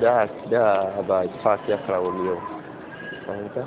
دعك دع أبا إسحاق يقرأ اليوم فهمت؟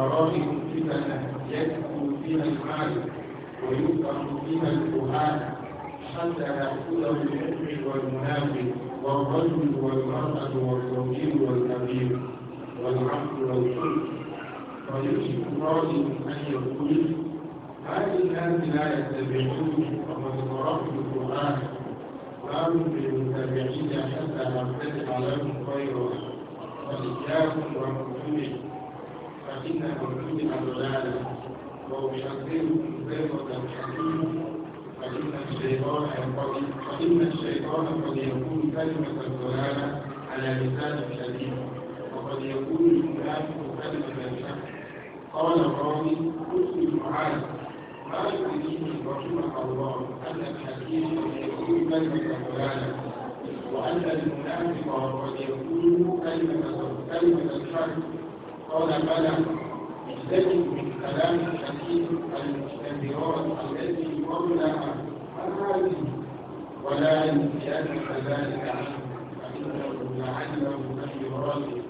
وآرائهم فتنة يكفر فيها المال ويكفر فيها الكهان حتى يأخذه المؤمن والمنافق والرجل والمرأة والتوكيل والكبير والعبد والحر فيوشك الراجل أن يقول هذه الناس لا يتبعون وقد قرأت القرآن فهم بالمتابعين حتى أبتدع لهم خيرا فإياكم ومؤمنين إن وجودنا ضلالة وأحذركم ذرة الحكيم فإن الشيطان قد فإن الشيطان قد يكون كلمة الضلالة على لسان الكريم وقد يكون المنافق كلمة الحق قال الله تعالى يلتزم بالكلام الحكيم المستنيرات التي قبل هذه ولا ينسيان كذلك عنه فانه لعله ان يراجع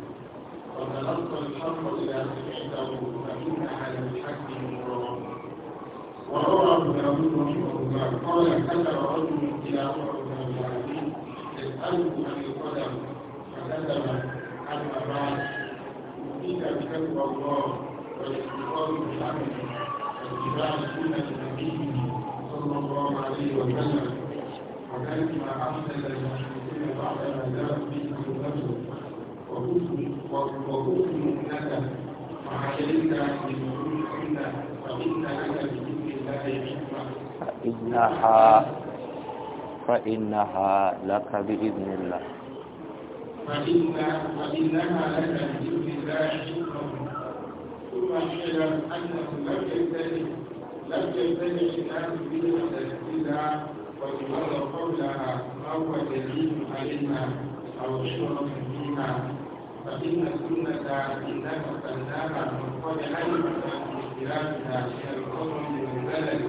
وتلقى الحق اذا سمعته فان على الحق تحكم وروى ابن داود رحمه الله قال كتب رجل الى عمر بن العزيز يساله عن القدم فكتب عن بعد الله والاستقامة بالعمل واتباع سنة صلى الله عليه وسلم ما أحسن للمشركين بعد ما جاءت به سنته مع السنة فإن لك بإذن الله حكمة فإنها فإنها لك بإذن الله فإن فإنها لك بإذن الله شكرا ثم اعلم أنه لم يبتدئ لم يبتدئ الناس بالمسجد وتمر قبلها أو دليل عليها أو عبرة فيها فإن السنة إنما سناها من قبل أن القول من البلد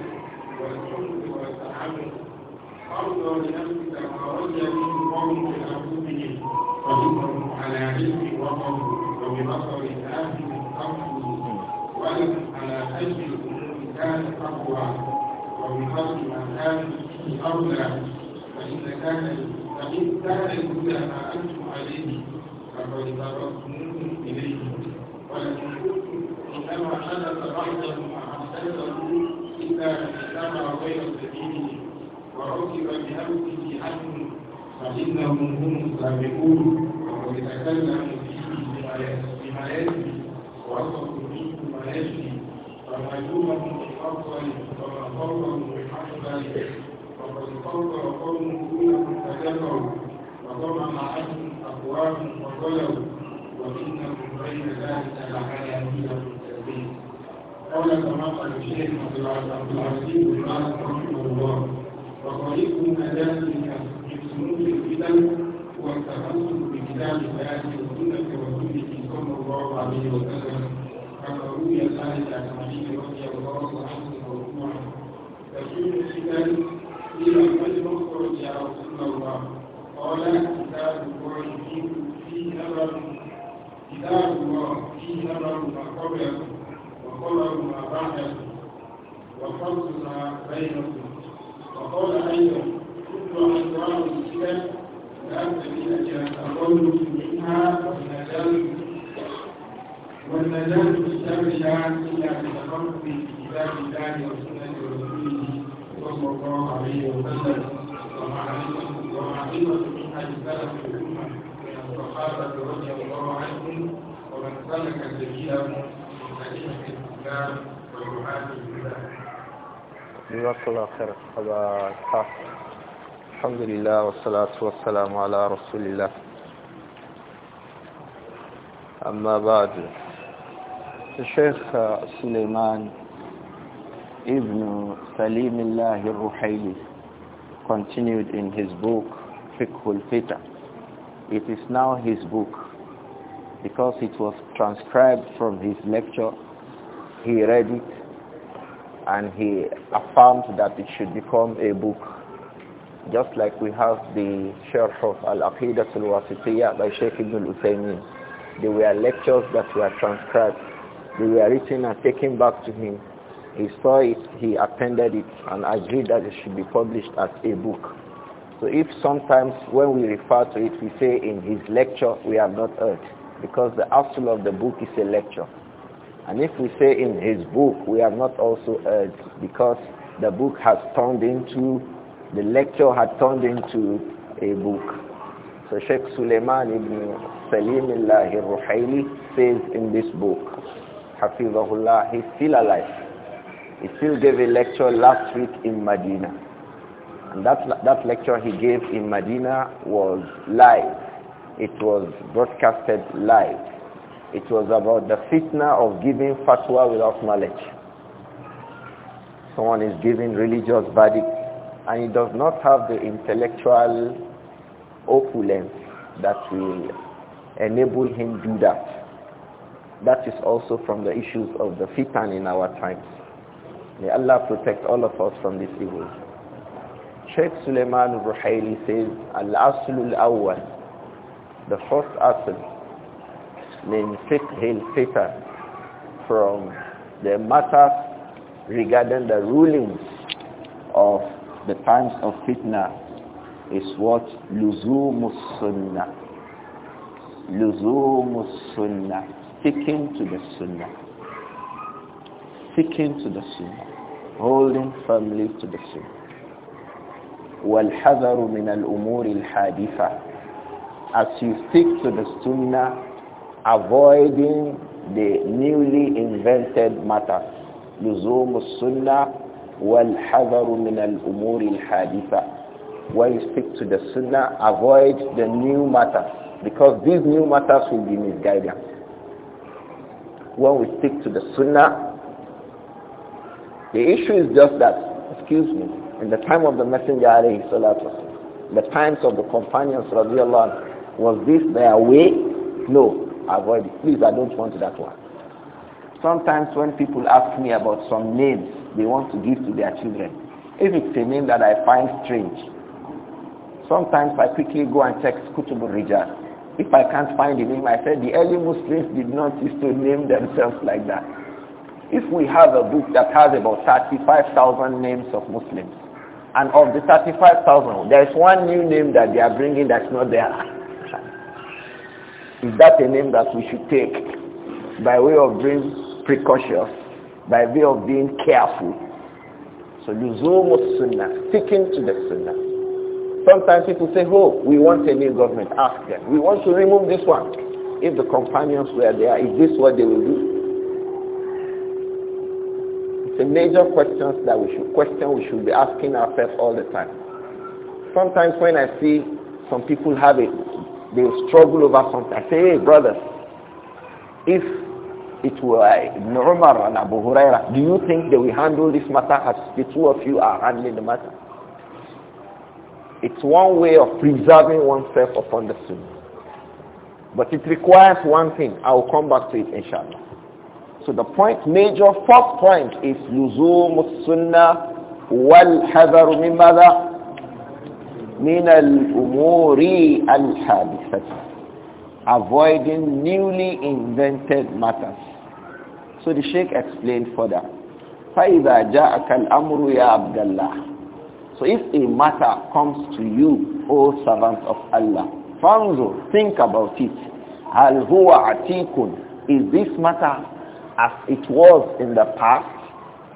والحمد والتحمل أرضى لنفسك على علم وقوم وببصر أقوى ومن أرض أولى فإن كان فإن كان الهدى ما أنتم عليه فقد تركتموه إليه ولكن كنتم إنما حدث بعضهم وأحسنتم إلا أن غير سبيل وعُتب في عنه فإنهم هم السابقون وقد تكلموا فيه بما يجري فيه ما يجري فما يومهم بالأفضل وما قومهم بالأفضل وقد قرر قوم دونهم فكفروا وطمع عنهم أقوام وغلوا وإنهم بين ذلك لعلى هي قال كما قال الشيخ عبد العزيز بن باز رحمه الله ذلك بسنون الفتن والتخصص بكتاب الله وسنة رسوله صلى الله عليه وسلم كما روي ذلك عن علي رضي الله عنه مرفوعا تكون الفتن إلى الحمد لله والصلاة والسلام على رسول الله أما بعد الشيخ سليمان ابن سليم الله الرحيلي continued in his book Fiqh al-Fita it is now his book because it was transcribed from his lecture he read it and he affirmed that it should become a book just like we have the Sharh of Al-Aqidah al-Wasitiyah by Sheikh Ibn al-Uthaymeen. There were lectures that were transcribed. They were written and taken back to him. He saw it, he appended it, and agreed that it should be published as a book. So if sometimes when we refer to it, we say in his lecture, we have not heard, because the actual of the book is a lecture. And if we say in his book, we have not also heard, because the book has turned into the lecture had turned into a book. So Sheikh Suleiman ibn Salim Allah al-Ruhaili says in this book, Hafizahullah, he's still alive. He still gave a lecture last week in Medina. And that, that lecture he gave in Medina was live. It was broadcasted live. It was about the fitna of giving fatwa without knowledge. Someone is giving religious verdict and he does not have the intellectual opulence that will enable him do that. That is also from the issues of the fitan in our times. May Allah protect all of us from this evil. Sheikh Suleiman ruhaili says, Al-Aslul Awwal, the first asl, min fiqh al-fitan, from the matters regarding the rulings of the times of fitna is what luzumus sunnah luzumus sunnah sticking to the sunnah sticking to the sunnah holding firmly to the sunnah والحذر من الأمور haditha as you stick to the sunnah avoiding the newly invented matter, luzumus sunnah والحذر من الأمور when you speak to the sunnah avoid the new matters because these new matters will be misguidance when we speak to the sunnah the issue is just that excuse me in the time of the messenger the times of the companions radiallahu was this their way no avoid it please i don't want that one sometimes when people ask me about some names they want to give to their children. If it's a name that I find strange, sometimes I quickly go and check Kutubul Rijal. If I can't find the name, I said the early Muslims did not used to name themselves like that. If we have a book that has about 35,000 names of Muslims, and of the 35,000, there is one new name that they are bringing that's not there. Is that a name that we should take by way of being precautious? by way of being careful. So you sunnah, sticking to the sunnah. Sometimes people say, oh, we want a new government. Ask them. We want to remove this one. If the companions were there, is this what they will do? It's a major question that we should question we should be asking ourselves all the time. Sometimes when I see some people have it, they struggle over something. I say, hey brothers, if it were Umar and Abu Huraira, do you think they will handle this matter as the two of you are handling the matter? It's one way of preserving oneself upon the sunnah. But it requires one thing. I will come back to it inshallah. So the point, major fourth point is لزوم السنة والحذر من ماذا؟ من الأمور الحادثة avoiding newly invented matters so the Sheikh explained further. فَإِذَا جَاءَكَ الْأَمْرُ يَا عَبْدَ اللَّهِ So if a matter comes to you, O servant of Allah, فَانْظُرْ Think about it. هَلْ هُوَ عَتِيكٌ Is this matter as it was in the past?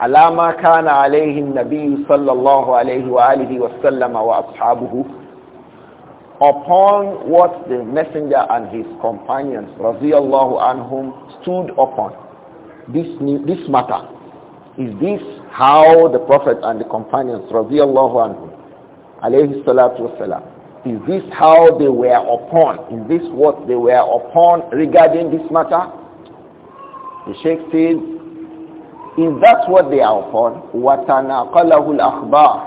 على ما كان عليه النبي صلى الله عليه وآله وسلم وأصحابه upon what the messenger and his companions رضي الله عنهم stood upon this, new, this matter? Is this how the Prophet and the companions, radiallahu anhu, alayhi salatu wasalam, is this how they were upon? Is this what they were upon regarding this matter? The Sheikh says, is that what they are upon? وَتَنَاقَلَهُ الْأَخْبَارِ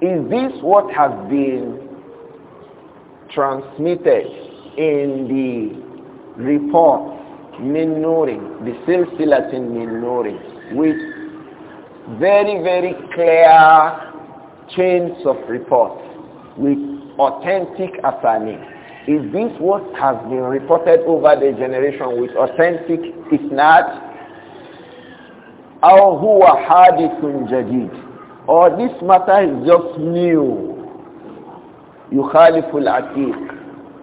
Is this what has been transmitted in the report min nurin, the silsilatin min nurin, with very, very clear chains of reports, with authentic assignment. Is this what has been reported over the generation with authentic not. أو هو حادث جديد or this matter is just new يخالف العتيق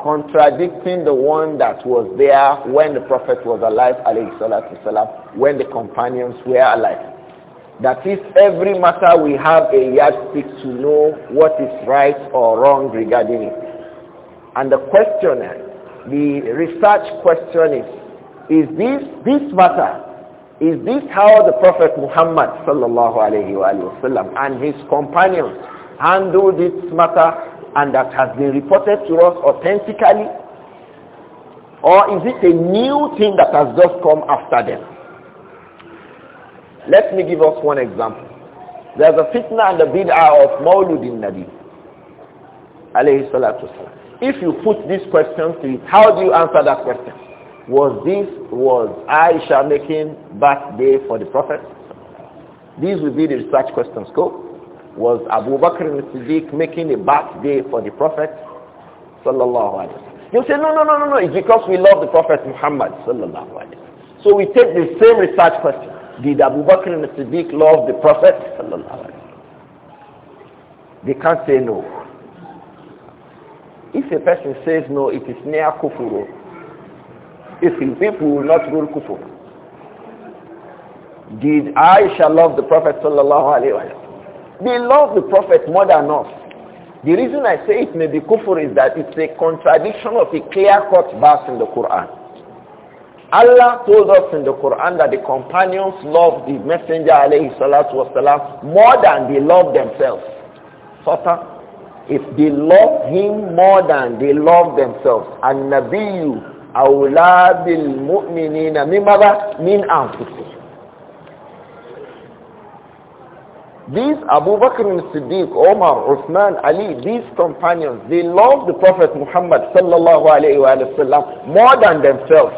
contradicting the one that was there when the Prophet was alive, when the companions were alive. That is, every matter we have a yardstick to know what is right or wrong regarding it. And the question, the research question is, is this, this matter, is this how the Prophet Muhammad sallallahu alayhi wa and his companions handled this matter and that has been reported to us authentically? Or is it a new thing that has just come after them? Let me give us one example. There's a fitna and a bid'ah of Mauludin Nabi. Alayhi salatu If you put this question to it, how do you answer that question? Was this, was Aisha making birthday for the Prophet? These will be the research questions. Go was Abu Bakr al-Siddiq making a bad day for the Prophet sallallahu You say no, no, no, no, no. It's because we love the Prophet Muhammad sallallahu So we take the same research question: Did Abu Bakr al-Siddiq love the Prophet sallallahu They can't say no. If a person says no, it is near kufur. If people will not rule kufur. Did I shall love the Prophet sallallahu they love the Prophet more than us. The reason I say it may be kufr is that it's a contradiction of a clear-cut verse in the Quran. Allah told us in the Quran that the companions loved the Messenger alayhi salatu wasalam more than they loved themselves. Sota, if they love him more than they love themselves and Nabiyyu awla bil mu'minina mimma min anfusihim These Abu Bakr and Siddiq, Omar, Uthman, Ali, these companions, they love the Prophet Muhammad sallallahu alayhi wa sallam more than themselves.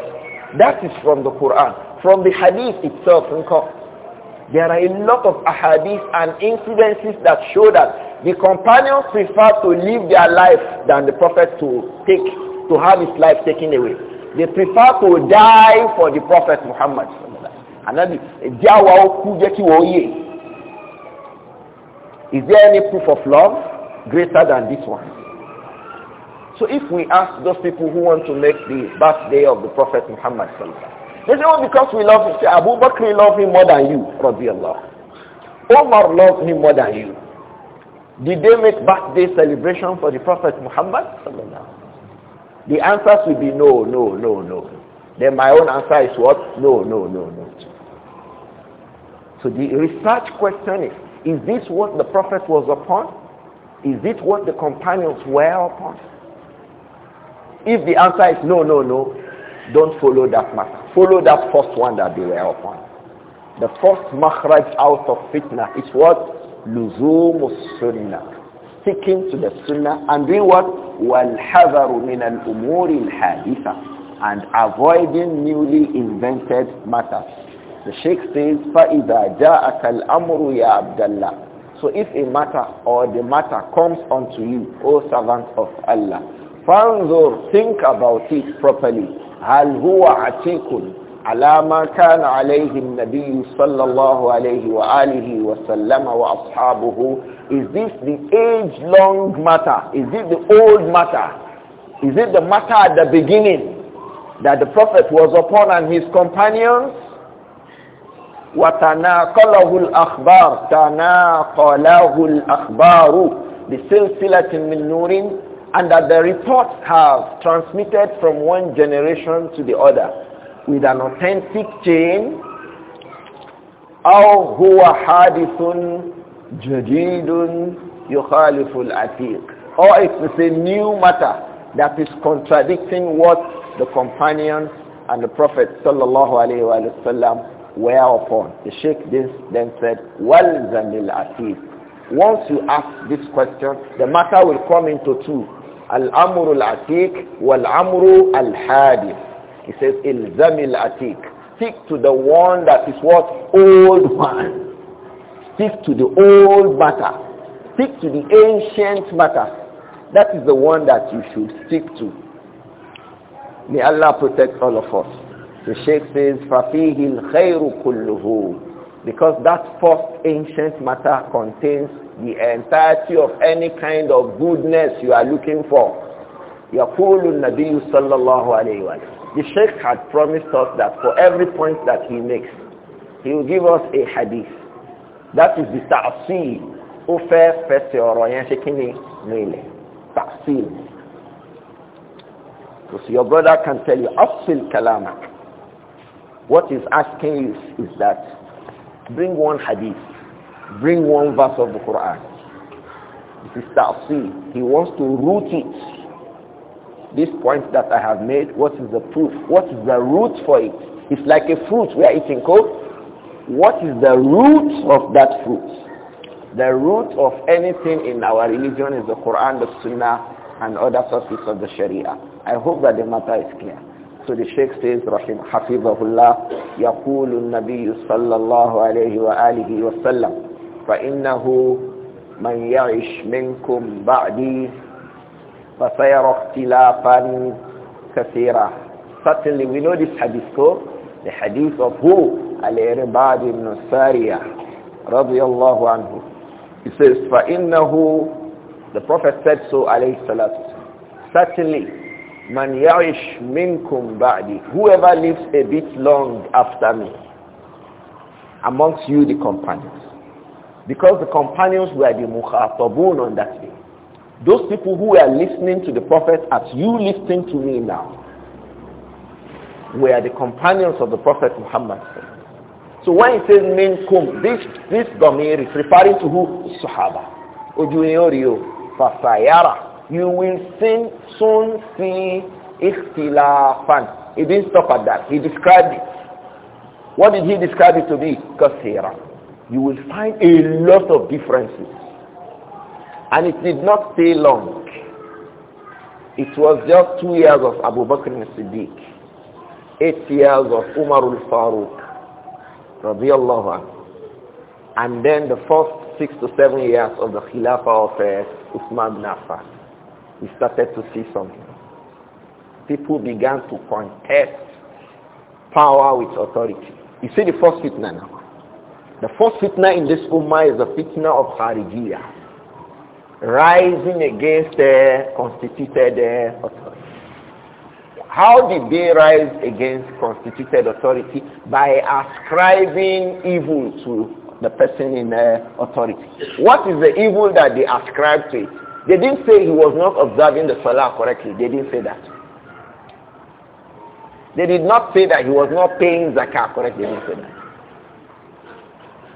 That is from the Quran, from the Hadith itself. There are a lot of ahadith and incidences that show that the companions prefer to live their life than the Prophet to take, to have his life taken away. They prefer to die for the Prophet Muhammad. Is there any proof of love greater than this one? So if we ask those people who want to make the birthday of the Prophet Muhammad they say, oh, because we love him. Say, Abu Bakr loved him more than you, radiallahu. Omar loved him more than you. Did they make birthday celebration for the Prophet Muhammad? The answers will be no, no, no, no. Then my own answer is what? No, no, no, no. So the research question is, is this what the Prophet was upon? Is it what the companions were upon? If the answer is no, no, no, don't follow that matter. Follow that first one that they were upon. The first makhraj out of fitna is what? Luzum sunnah. Sticking to the sunnah and doing what? walhazaru min al-umuri al-haditha. And avoiding newly invented matters. The Sheikh says, فَإِذَا جَاءَكَ الْأَمْرُ يَا عَبْدَ اللَّهِ So if a matter or the matter comes unto you, O servant of Allah, فَانْظُرْ Think about it properly. هَلْ هُوَ عَتِيكٌ على ما كان عليه النبي صلى الله عليه وآله وسلم وأصحابه Is this the age-long matter? Is it the old matter? Is it the matter at the beginning that the Prophet was upon and his companions? وتناقله الأخبار تناقله الأخبار بسلسلة من نور and that the reports have transmitted from one generation to the other with an authentic chain أو هو حادث جديد يخالف العتيق or it's a new matter that is contradicting what the companions and the Prophet sallallahu alaihi sallam Whereupon the Sheikh then said, "Well, Walzamil Atif. Once you ask this question, the matter will come into two. al-amrul atik, al-Atiq wal-Amru al-Hadith. He says, "Il-zamil Atik. Stick to the one that is what? Old one. Stick to the old matter. Stick to the ancient matter. That is the one that you should stick to. May Allah protect all of us. The Sheikh says, فَفِيهِ الْخَيْرُ كُلُّهُ Because that first ancient matter contains the entirety of any kind of goodness you are looking for. يقول النبي صلى الله عليه وسلم The Sheikh had promised us that for every point that he makes, he will give us a hadith. That is the ta'aseel. Ó fẹ́ fẹsẹ̀ ọ̀rọ̀ yẹn ṣe kí ni So your brother can tell you, أصل كلامك. What he's asking is, is that bring one hadith, bring one verse of the Quran. This is tafsir. He wants to root it. This point that I have made, what is the proof? What is the root for it? It's like a fruit we are eating cold. What is the root of that fruit? The root of anything in our religion is the Quran, the Sunnah, and other sources of the Sharia. I hope that the matter is clear. So the Sheikh says, Rahim Hafizahullah, يقول النبي صلى الله عليه وآله وسلم فإنه من يعش منكم بعدي فسيرى اختلافا كثيرا Certainly we know this hadith so, the hadith of who? al iribad ibn Sariyah رضي الله عنه He says, فإنه, the Prophet said so عليه الصلاة والسلام Certainly Man ya'ish minkum ba'di. Whoever lives a bit long after me. Amongst you, the companions. Because the companions were the mukhatabun on that day. Those people who were listening to the Prophet as you listening to me now were the companions of the Prophet Muhammad. So when it says minkum, this, this Dhamir is referring to who? Sahaba. Ojuneorio, oh, Fasayara you will soon, soon see ikhtilafan. He didn't stop at that. He described it. What did he describe it to be? Kasira. You will find a lot of differences. And it did not stay long. It was just two years of Abu Bakr al-Siddiq, eight years of Umar al-Faruq, radiallahu anhu. And then the first six to seven years of the Khilafah of uh, Uthman bin Affan we started to see something. People began to contest power with authority. You see the first fitna now. The first fitna in this ummah is the fitna of Harijiyah. Rising against the constituted uh, authority. How did they rise against constituted authority? By ascribing evil to the person in uh, authority. What is the evil that they ascribe to it? They didn't say he was not observing the salah correctly. They didn't say that. They did not say that he was not paying zakah correctly. They didn't say that.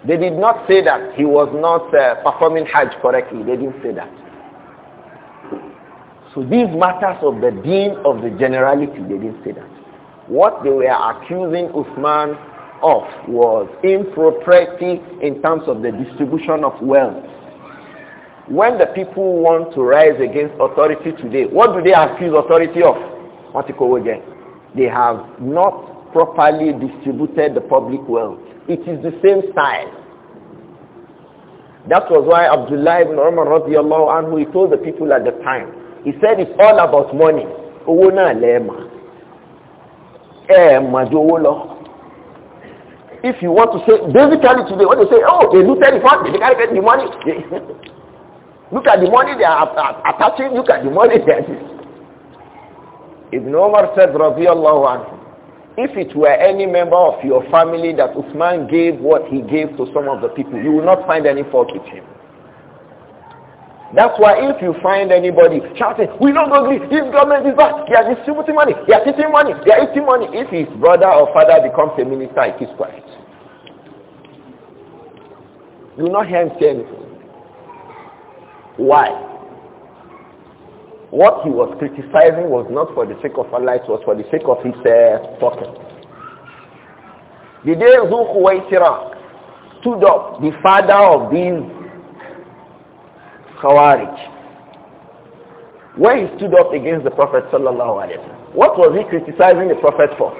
They did not say that he was not uh, performing hajj correctly. They didn't say that. So these matters of the deen of the generality, they didn't say that. What they were accusing Uthman of was impropriety in terms of the distribution of wealth. When the people want to rise against authority today, what do they accuse authority of? They have not properly distributed the public wealth. It is the same style. That was why Abdullah ibn Umar radiallahu anhu, he told the people at the time, he said it's all about money. If you want to say, basically today, What they say, oh, they looted the fund, they carried the money. Look at the money they are attaching. Look at the money they are giving. Ibn Omar said, "Rabbi Allah, if it were any member of your family that Uthman gave what he gave to some of the people, you will not find any fault with him. That's why if you find anybody shouting, we don't agree, his government is bad, he are distributing money, he are taking money, he are eating money. If his brother or father becomes a minister, it is correct. quiet. You will not hear him say anything. Why? What he was criticizing was not for the sake of Allah, it was for the sake of his uh, pocket. The day Zulkhuwaitira stood up, the father of these Khawarij, when he stood up against the Prophet sallallahu alaihi wasallam, what was he criticizing the Prophet for?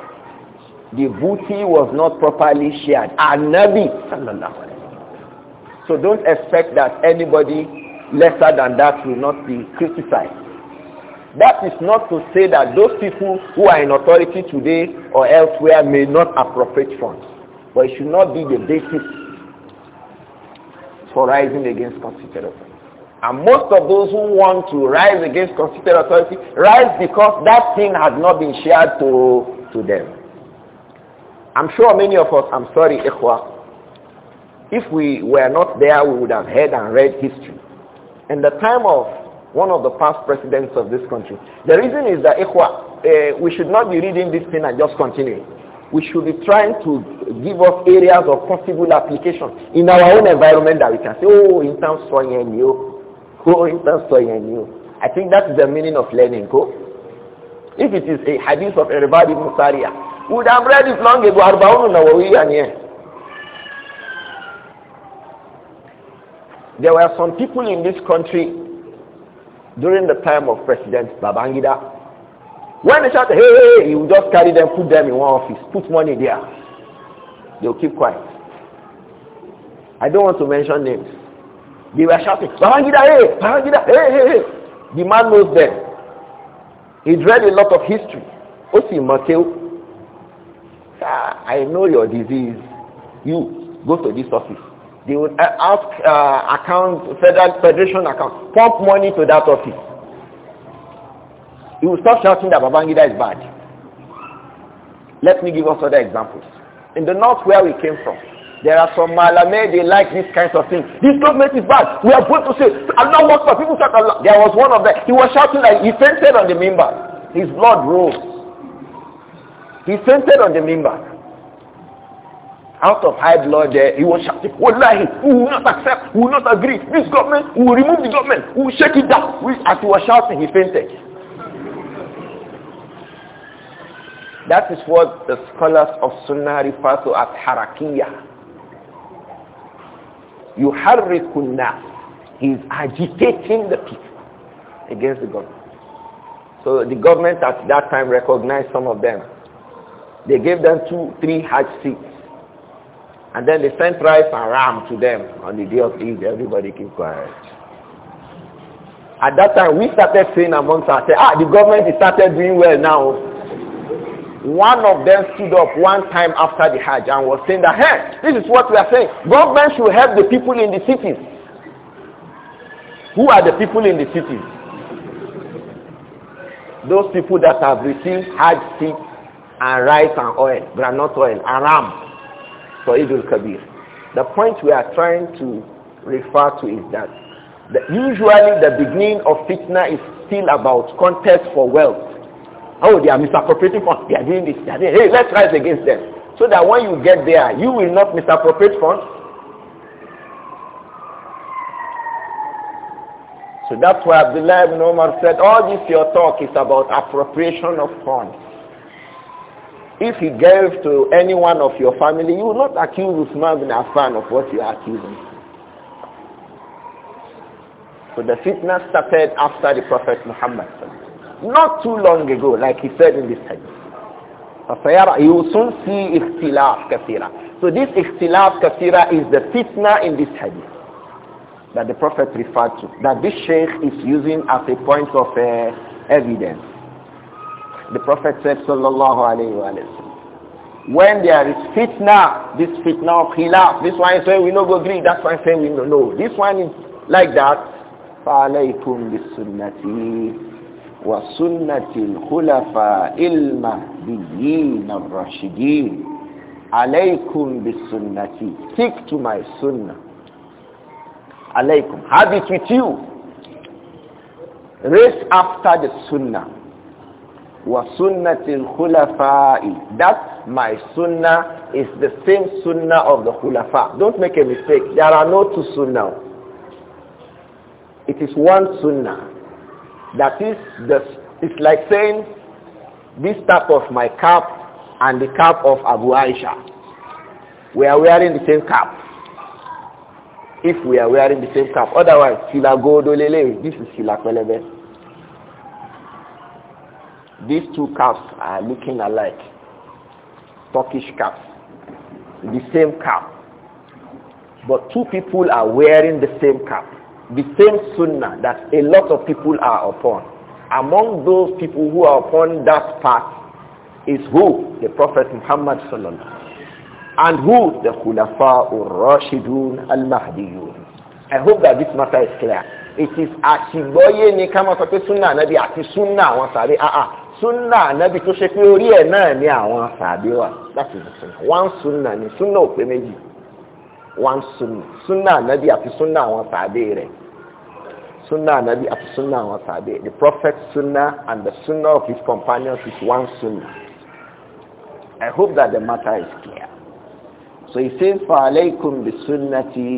The booty was not properly shared. Our Nabi sallallahu alaihi wasallam. So don't expect that anybody lesser than that will not be criticized. That is not to say that those people who are in authority today or elsewhere may not appropriate funds. But it should not be the basis for rising against constituted authority. And most of those who want to rise against constituted authority rise because that thing has not been shared to, to them. I'm sure many of us, I'm sorry, Ikhwa, if we were not there, we would have heard and read history in the time of one of the past presidents of this country. The reason is that Ikhwa, uh, we should not be reading this thing and just continuing. We should be trying to give us areas of possible application in our own environment that we can say, oh, in terms of you, oh, in terms you. I think that's the meaning of learning. Go. If it is a hadith of Irbad Musaria, Sariya, would have read it long ago, Arbaun Nawawi and yeah. There were some people in this country during the time of President Babangida. When they shout, hey, hey, hey!" you just carry them, put them in one office, put money there. They'll keep quiet. I don't want to mention names. They were shouting, Babangida, hey, Babangida, hey, hey, hey. The man knows them. he read a lot of history. Osi Mateo, ah, I know your disease. You, go to this office. They would uh, ask uh, account, federal federation account, pump money to that office. He will stop shouting that Babangida is bad. Let me give us other examples. In the north where we came from, there are some Malame, they like these kinds of things. This government is bad. We are going to say, Allah works for people. Allah. There was one of them. He was shouting like, he fainted on the member. His blood rose. He fainted on the member out of high blood there, he was shouting, Wallahi, we will not accept, we will not agree. This government, we will remove the government, we will shake it down. We, as he was shouting, he fainted. That is what the scholars of Sunnah refer to as harakiyah. You الناس he is agitating the people against the government so the government at that time recognized some of them they gave them two three hajj seats and then they sent rice and ram to them on the day of Eid. Everybody keep quiet. At that time, we started saying amongst ourselves, ah, the government is started doing well now. One of them stood up one time after the Hajj and was saying that, hey, this is what we are saying. Government should help the people in the cities. Who are the people in the cities? Those people that have received Hajj, seed and rice and oil, granite oil, and ram Sa'idul Kabir. The point we are trying to refer to is that the, usually the beginning of fitna is still about contest for wealth. Oh, they are misappropriating funds. They are doing this. They are doing, hey, let's rise against them. So that when you get there, you will not misappropriate funds. So that's why Abdullah ibn Omar said, all this your talk is about appropriation of funds. If he gave to any one of your family, you will not accuse Usman bin Affan of what you are accusing. So the fitna started after the Prophet Muhammad. Not too long ago, like he said in this text. You will soon see ikhtilaf kathira. So this ikhtilaf kathira is the fitna in this hadith that the Prophet referred to, that this sheikh is using as a point of uh, evidence. The Prophet said, sallallahu alayhi wa sallam, when there is fitna, this fitna of khilaf, this one is saying we no go agree, That's why I saying we no know. This one is like that. فَعَلَيْكُمْ بِالسُنَّةِ وَسُنَّةِ الْخُلَفَاءِ الْمَهْدِيِّينَ الرَّاشِدِينَ alaykum bisunnati stick to my sunnah alaykum have it with you race after the sunnah وَسُنَّةِ الْخُلَفَاءِ That, my sunnah, is the same sunnah of the khulafa. Don't make a mistake. There are no two sunnah. It is one sunnah. That is, the, it's like saying, this type of my cap and the cap of Abu Aisha. We are wearing the same cap. If we are wearing the same cap. Otherwise, silago Godolele, this is Sila Pelebe. These two calves are looking alike. Turkish calves. The same calf. But two people are wearing the same calf. The same sunnah that a lot of people are upon. Among those people who are upon that path is who? The Prophet Muhammad sallallahu and who? The Khulafa al-Rashidun al-Mahdiyun. I hope that this matter is clear. It is àṣìgbọ́yé ni ká sunnah sọ pé súnà nàbí àti súnà àwọn sàrí àà ah, ah sunna Nabi tó ṣe pé orí ẹ̀ náà ni àwọn sàbí wà láti ní sunna one sunna ni sunna ò pé méjì one sunna sunna Nabi àti sunna àwọn sàbí rẹ̀ sunna Nabi àti sunna àwọn sàbí the prophet sunna and the sunna of his companions is one sunna i hope that the matter is clear so he says فعليكم بسنتي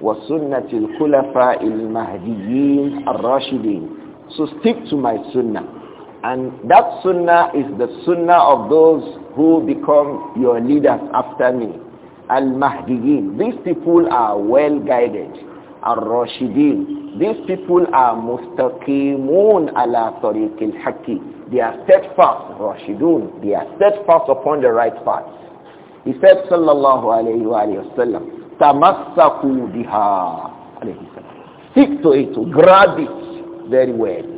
وسنة il المهديين arashidin." so stick to my sunnah and that sunnah is the sunnah of those who become your leaders after me. Al-Mahdiyin. These people are well guided. Al-Rashidin. These people are mustaqimun ala tariq al-haqqi. They are steadfast. Rashidun. They are steadfast upon the right path. He said, sallallahu alayhi wa alayhi wa sallam, biha. Stick to it. Grab it very well.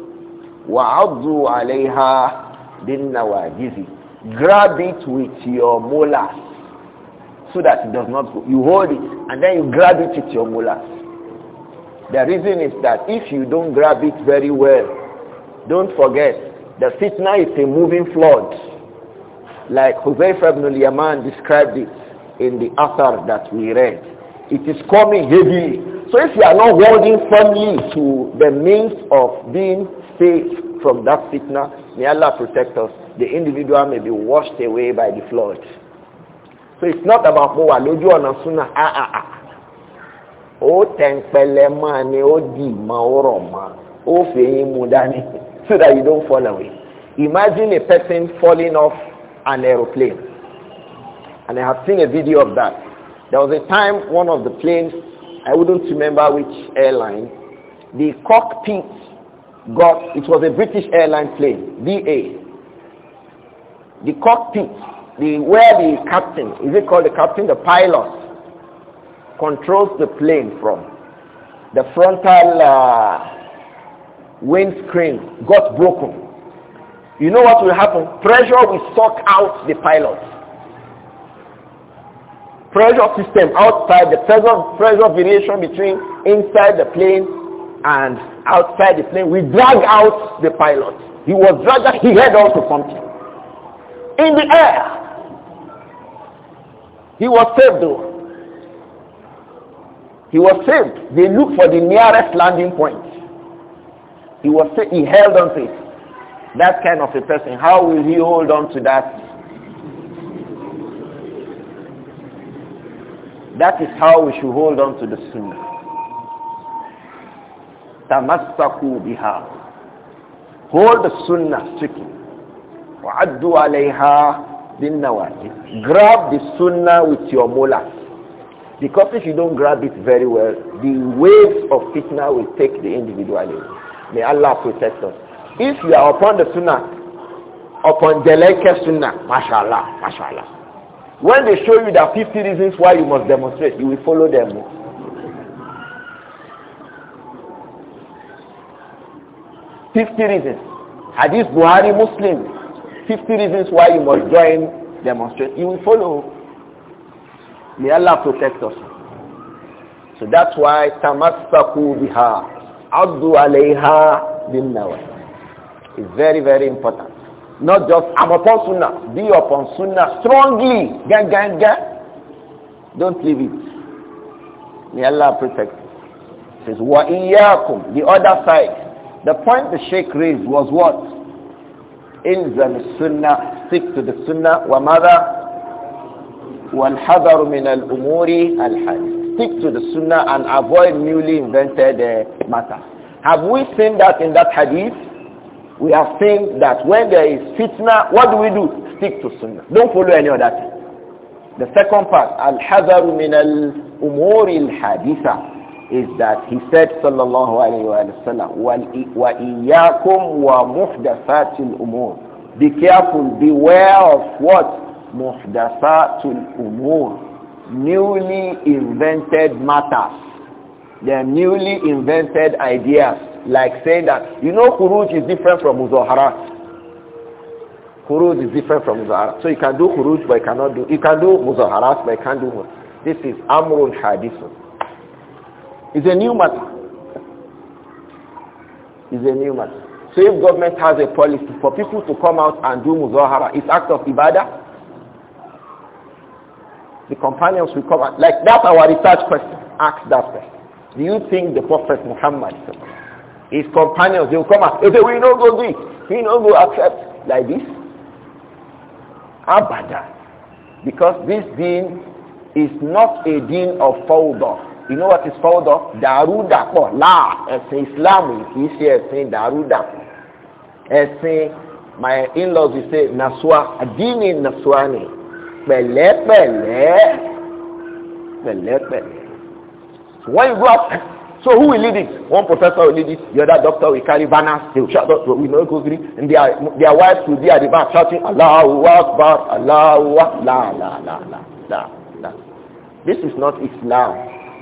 وَعَضُّوا عَلَيْهَا بِالنَّوَاجِزِ Grab it with your molars so that it does not go. You hold it and then you grab it with your molars. The reason is that if you don't grab it very well, don't forget, the fitna is a moving flood. Like Joseph ibn al-Yaman described it in the author that we read. It is coming heavy. So if you are not holding firmly to the means of being safe from that fitna. May Allah protect us. The individual may be washed away by the flood. So it's not about mo wà lójú ọ̀nà súnà ah Ó Oh, thank ni ó dì máa ó rọ̀ máa. Ó fèyín mu dání so that you don't fall away. Imagine a person falling off an aeroplane. And I have seen a video of that. There was a time one of the planes, I wouldn't remember which airline, the cockpit got, it was a British airline plane, BA. The cockpit, the, where the captain, is it called the captain? The pilot controls the plane from. The frontal uh, windscreen got broken. You know what will happen? Pressure will suck out the pilot pressure system outside, the pressure, pressure variation between inside the plane and outside the plane, we drag out the pilot. He was dragged out, he had also something. In the air. He was saved though. He was saved. They looked for the nearest landing point. He was saved. He held on to it. That kind of a person, how will he hold on to that? That is how we should hold on to the sunnah tamassaku biha. Hold the sunnah strictly. وَعَدُّ عَلَيْهَا بِالنَّوَاجِبِ Grab the sunnah with your molar, Because if you don't grab it very well, the waves of fitna will take the individual May Allah protect us. If you are upon the sunnah, upon Jalaika sunnah, mashallah, mashallah. When they show you the 50 reasons why you must demonstrate, you will follow them. 50 reasons. Hadith Buhari Muslim. 50 reasons why you must join demonstration. You will follow. May Allah protect us. So that's why tamassaku biha. Abdu alayha bin It's very, very important. Not just, I'm upon sunnah. Be upon sunnah strongly. Gang, gang, gang. Don't leave it. May Allah protect. It says, wa iyyakum. The other side. The point the Sheikh raised was what? the sunnah, stick to the sunnah, wa mada? wal-hadar min al-umuri al-hadith. Stick to the sunnah and avoid newly invented uh, Have we seen that in that hadith? We have seen that when there is fitna, what do we do? Stick to sunnah. Don't follow any other thing. The second part, al-hadaru min al-umuri al-haditha is that he said sallallahu alayhi wa sallam wa وَمُحْدَثَاتِ umur. Be careful, beware of what? مُحْدَثَاتِ umur, Newly invented matters. The newly invented ideas. Like saying that, you know Khuruj is different from Muzaharat. Khuruj is different from Muzaharat. So you can do Khuruj but you cannot do, you can do Muzaharat but you can't do This is Amrun Hadithun. It's a new matter. It's a new matter. So if government has a policy for people to come out and do muzahara, it's act of ibadah. The companions will come out. Like that's our research question. Ask that question. Do you think the Prophet Muhammad, his companions, they will come out? They say, we don't go do it. We don't go accept like this. Abada. Because this deen is not a deen of fawdah. You know what is called of? Dàrúdàpọ̀ la! ẹ̀sìn Islam. kì í ṣe ẹ̀sìn dàrúdàpọ̀. Ẹ̀sìn my in-laws will say Nasua, Adini Nasuani, pẹ̀lẹ́pẹ̀lẹ́, pẹ̀lẹ́pẹ̀lẹ́. So when you go out, so who will lead it? One professor will lead it. The other doctor will carry banners. They will shout out. We know go green. And their their wives will be at the back shouting, Allahu Akbar, Allahu Akbar, la la la la la la. This is not Islam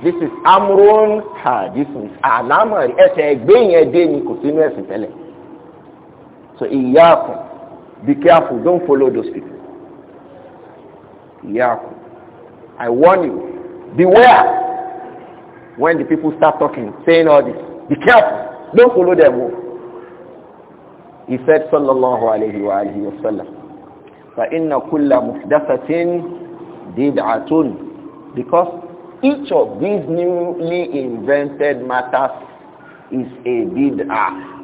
this is amrun hadithun alamari ẹsẹ̀ ẹgbẹ́ yẹn dé ni kò sínú ẹ̀sìn tẹ́lẹ̀ so iyakun be careful don't follow those people iyakun i warn you beware when the people start talking saying all this be careful don't follow them o he said sallallahu alayhi wa alayhi wa sallam fa inna kulla did atun because each of these newly invented matters is a bid'ah.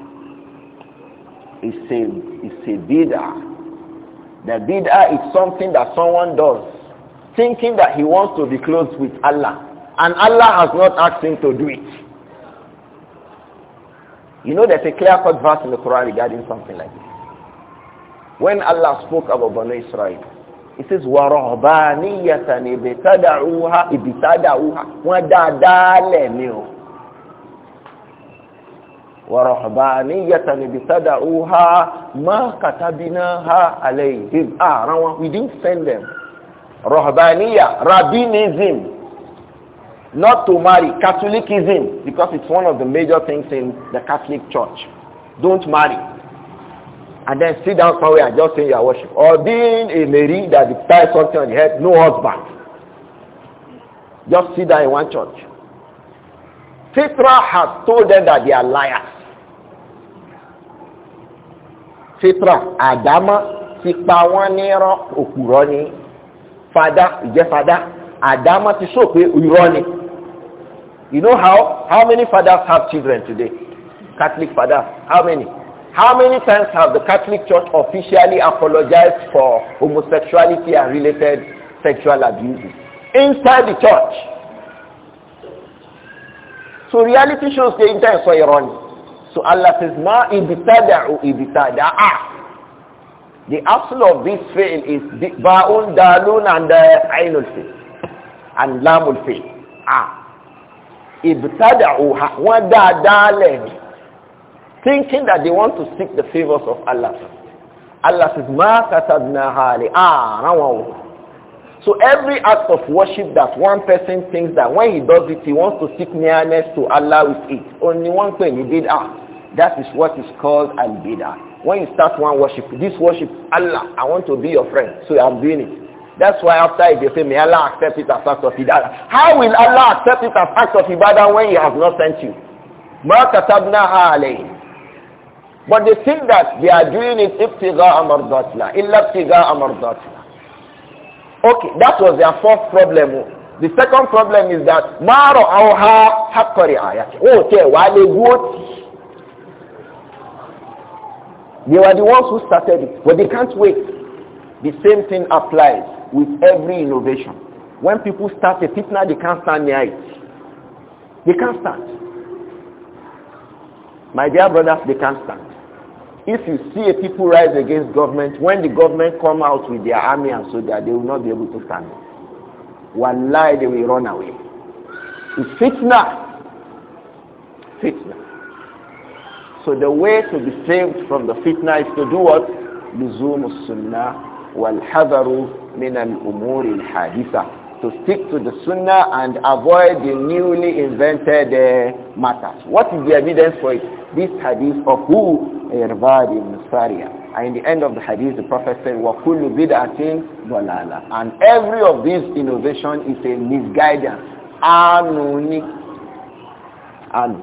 It's a, it's a bid'ah. The bid'ah is something that someone does thinking that he wants to be close with Allah. And Allah has not asked him to do it. You know there's a clear-cut verse in the Quran regarding something like this. When Allah spoke about Banu Israel, it says wa rahbaniyatan ibtada'uha ibtada'uha wọ́n dáadáa lẹ̀ ni o wa rahbaniyatan ibtada'uha ma katabinaha alayhim ah ran wọn we didn't send them rahbaniya rabbinism not to marry catholicism because it's one of the major things in the catholic church don't marry and then sit down somewhere and just say you are worship. Or being a Mary that tie something on the head, no husband. Just sit down in one church. Fitra has told them that they are liars. Fitra, Adama, ti pa wọ́n ní irọ́ òkúrọ́ ni. Fada, ìjẹ́ fada, Adama ti sọ pé irọ́ ni. You know how how many fathers have children today? Catholic fathers, how many? How many times have the Catholic Church officially apologized for homosexuality and related sexual abuse inside the church? So reality shows the intent for irony. So Allah says, ma ibtada'u ibtada'a. The absolute of this fail is ba'un, dalun, and uh, ainul fail. And lamul fail. Ah. Ibtada'u ha. Wọ́n dáadáa thinking that they want to seek the favors of Allah. Allah says, "Ma katabnaha li ah, so every act of worship that one person thinks that when he does it, he wants to seek nearness to Allah with it. Only one thing, he did ah. That is what is called al-bid'ah. When you start one worship, this worship, Allah, I want to be your friend, so I'm doing it. That's why after if they say, may Allah accept it as act of ibadah. How will Allah accept it as act of ibadah when he has not sent you? مَا كَتَبْنَهَا but they think that they are doing it ibtiga Amardatla. illa ibtiga Amardatla. Okay, that was their first problem. The second problem is that maro auha haqqari ayati. Oh, okay, why they good? They were the ones who started it, but they can't wait. The same thing applies with every innovation. When people start a fitna, they can't stand near it. They can't stand. My dear brothers, they can't stand. If you see a people rise against government, when the government come out with their army and soldier, they will not be able to stand. One lie, they will run away. It's fitna. Fitna. So the way to be saved from the fitna is to do what? لزوم السنة والحذر من الأمور الحادثة to stick to the sunnah and avoid the newly invented uh, matters. What is the evidence for it? This hadith of who? Irbad in Sariya. And in the end of the hadith, the Prophet said, وَكُلُّ بِدْعَةٍ ضَلَالَةٍ And every of these innovation is a misguidance. Anuni. Anu.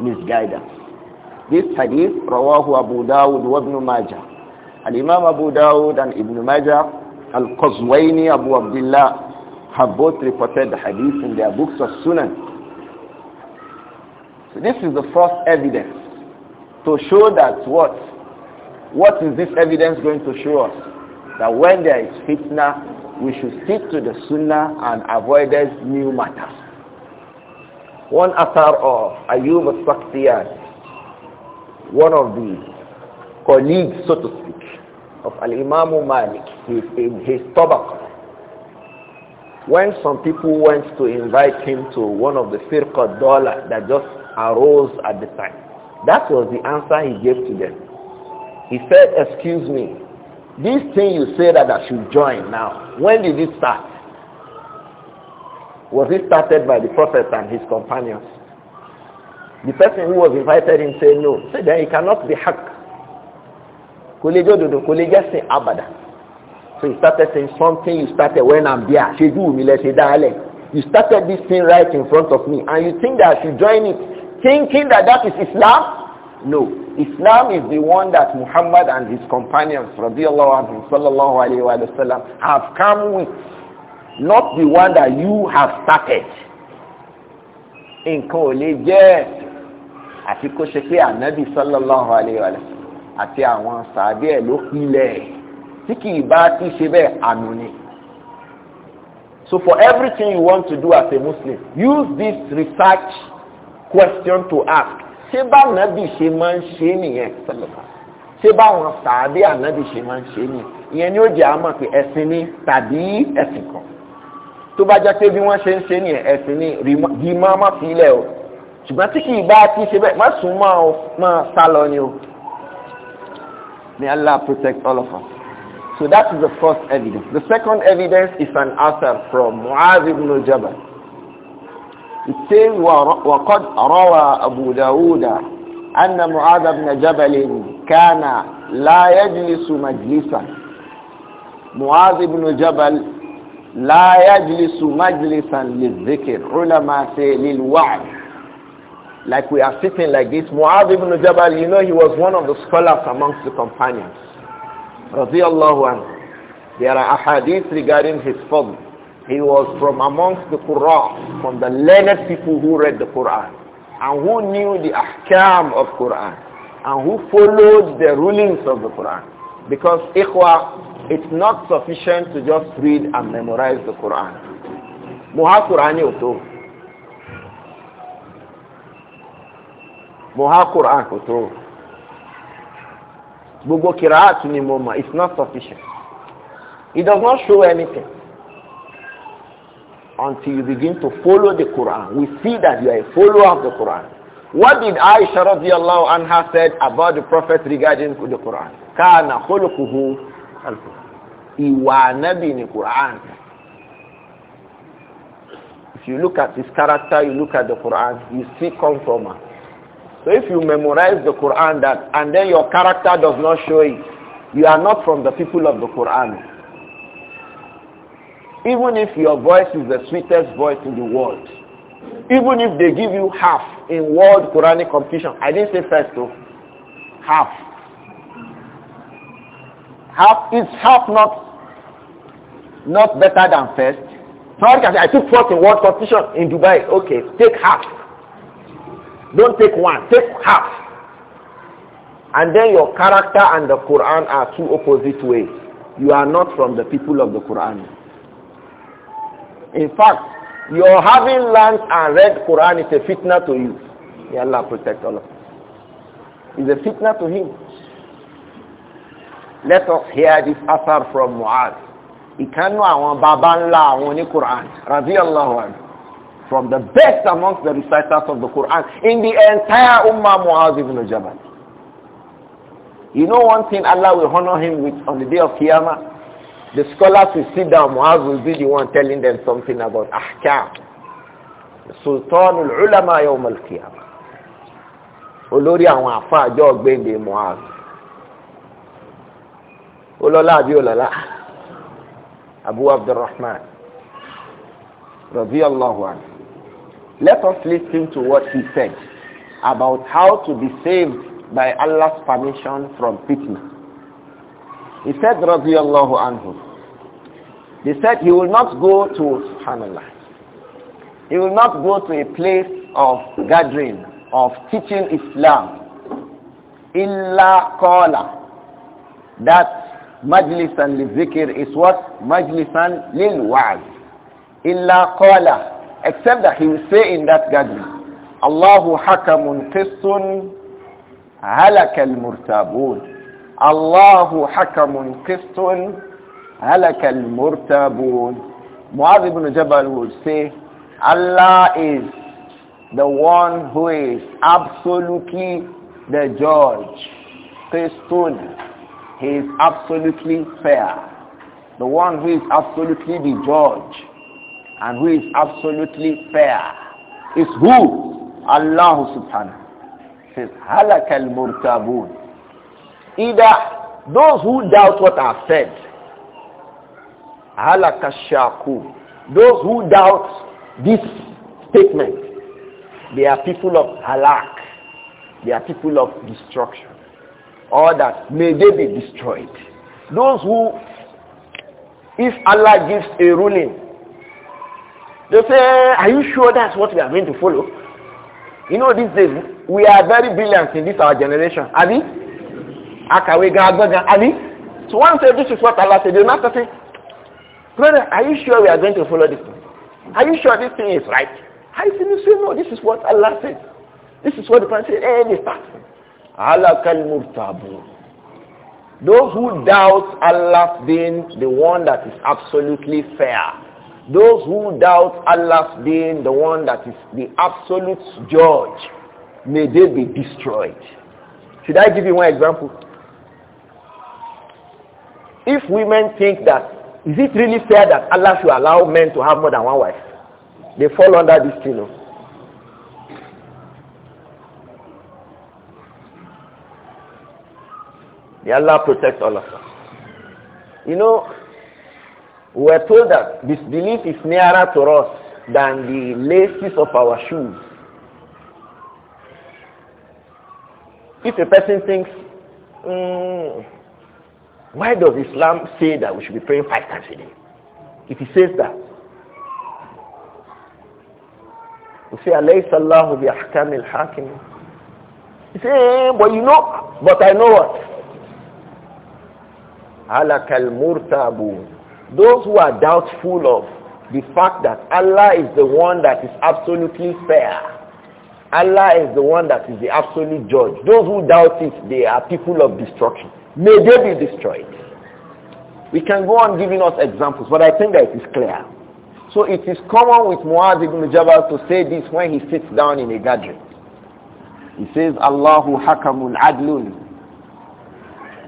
Misguidance. This hadith, rawahu Abu Dawud wa Ibn Majah. and imam Abu Dawud and Ibn Majah Al-Qazwaini, Abu Abdullah have both reported the hadith in their books of Sunan. So this is the first evidence to show that what? What is this evidence going to show us? That when there is fitna, we should stick to the sunnah and avoid these new matters. One author of Ayub al one of the colleagues, so to speak, of Al-Imam Malik, his, his tabaqah. When some people went to invite him to one of the firqa dollar that just arose at the time, that was the answer he gave to them. He said, excuse me, this thing you say that I should join now, when did it start? Was it started by the Prophet and his companions? The person who was invited him said no. Said so that it cannot be haqq kò lè jẹ́ òdòdó kò lè jẹ́ sìn abàdà so you started saying something you started when i'm there ṣojú mi lẹ ṣe dáálẹ̀ you started this thing right in front of me and you think that i should join it thinking that that is islam no islam is the one that muhammad and his companions radiyallahu anhum sallallahu alayhi wa sallam have come with not the one that you have started nǹkan ò lè jẹ́ àfi kó ṣe pé ànábì sallallahu alayhi wa sallam àti àwọn sàádé ẹ̀ ló pilẹ̀ tí kì í bá ti ṣe bẹ́ẹ̀ àánú ni. So for everything you want to do as a Muslim, use this research question to ask. Ṣé bá nàbì ṣe máa ń ṣe nìyẹn? Ṣé báwọn sàádé ànábì ṣe máa ń ṣe nìyẹn? Ìyẹn ni ó jẹ́ àmọ̀ pé ẹ̀sìn ni tàbí ẹ̀sìn kan. Tó bá jẹ́ pé bí wọ́n ṣe ń ṣe nìyẹn ẹ̀sìn ni rí máa má fi ilẹ̀ o. Ṣùgbọ́n tí kì í bá ti ṣe bẹ́ẹ̀ má sùn máa sá lọ ni o. May Allah protect all of us. So that is the first evidence. The second evidence is an answer from Mu'adh ibn Jabal. It says, وَقَدْ رَوَى أَبُو دَاوُودَ أَنَّ مُعَاذَ بْنَ جَبَلٍ كَانَ لَا يَجْلِسُ مَجْلِسًا Mu'adh ibn Jabal لا يجلس مجلسا للذكر علماء say للوعد like we are sitting like this, Mu'adh ibn Jabal, you know he was one of the scholars amongst the companions. Radiallahu anhu. There are ahadith regarding his father. He was from amongst the Qur'an, from the learned people who read the Qur'an, and who knew the ahkam of Qur'an, and who followed the rulings of the Qur'an. Because ikhwa, it's not sufficient to just read and memorize the Qur'an. Muha Qur'ani mo há gbogbo kiraat ni mo it's not sufficient it does not show anything until you begin to follow the Quran we see that you are a follower of the Quran what did Aisha radiallahu anha said about the prophet regarding the Quran kana khuluquhu al ìwà nabi ni Quran if you look at his character you look at the Quran you see come so if you memorize the Quran that and then your character does not show it, you are not from the people of the Quran. Even if your voice is the sweetest voice in the world, even if they give you half in world Quranic competition, I didn't say first though, half. Half is half not not better than first. Somebody can say, I took fourth in world competition in Dubai. Okay, take half. Don't take one, take half. And then your character and the Quran are two opposite ways. You are not from the people of the Quran. In fact, your having learned and read Quran is a fitna to you. May Allah protect all of us. It's a fitna to him. Let us hear this asar from Mu'adh. Ikanu àwọn baba ńlá àwọn oní Quran, radiyallahu anhu from the best amongst the reciters of the Quran in the entire Ummah Muaz ibn Jabal. You know one thing Allah will honor him with on the day of Qiyamah? The scholars will sit down, Muaz will be the one telling them something about ahkam. Sultanul ulama yawm al-qiyamah. Olórí àwọn àfa àjọ ọ̀gbẹ́ndé Muaz. Olọ́lá àbí olọ́lá. Abu Abdulrahman. Radiallahu anhu. Let us listen to what he said about how to be saved by Allah's permission from fitna. He said, radiyallahu anhu, he said he will not go to, subhanallah, he will not go to a place of gathering, of teaching Islam, illa qala, that majlisan li zikir is what? Majlisan lil wa'az. Illa qala, Except that he will say in that gathering, Allahu hakamun qistun halaka al-murtabun. Allahu hakamun qistun halaka al-murtabun. Muadh ibn Jabal would say, Allah is the one who is absolutely the judge. Qistun. He is absolutely fair. The one who is absolutely the judge and who is absolutely fair is who? Allah subhanahu says halak al murtabun either those who doubt what I've said halak shaku those who doubt this statement they are people of halak they are people of destruction or that may they be destroyed those who if Allah gives a ruling they say, are you sure that's what we are going to follow? You know, these days, we are very brilliant in this our generation. Abi? Abi? So one say, this is what Allah said. The master say, brother, are you sure we are going to follow this thing? Are you sure this thing is right? I said, you say, no, this is what Allah said. This is what the Prophet said. Hey, they Alakal murtabu. Those who doubt Allah being the one that is absolutely fair those who doubt Allah's being the one that is the absolute judge, may they be destroyed. Should I give you one example? If women think that, is it really fair that Allah should allow men to have more than one wife? They fall under this thing. You know? May Allah protect all of us. You know, we are told that disbelief is nearer to us than the laces of our shoes. If a person thinks, mm, why does Islam say that we should be praying five times a day? If he says that, you say, Alayhi sallahu bi ahkamil hakim. You say, eh, but you know, but I know what? Halakal murtabun. Those who are doubtful of the fact that Allah is the one that is absolutely fair. Allah is the one that is the absolute judge. Those who doubt it, they are people of destruction. May they be destroyed. We can go on giving us examples, but I think that it is clear. So it is common with Muaz ibn Jabal to say this when he sits down in a gathering. He says, Allahu hakamun adlun.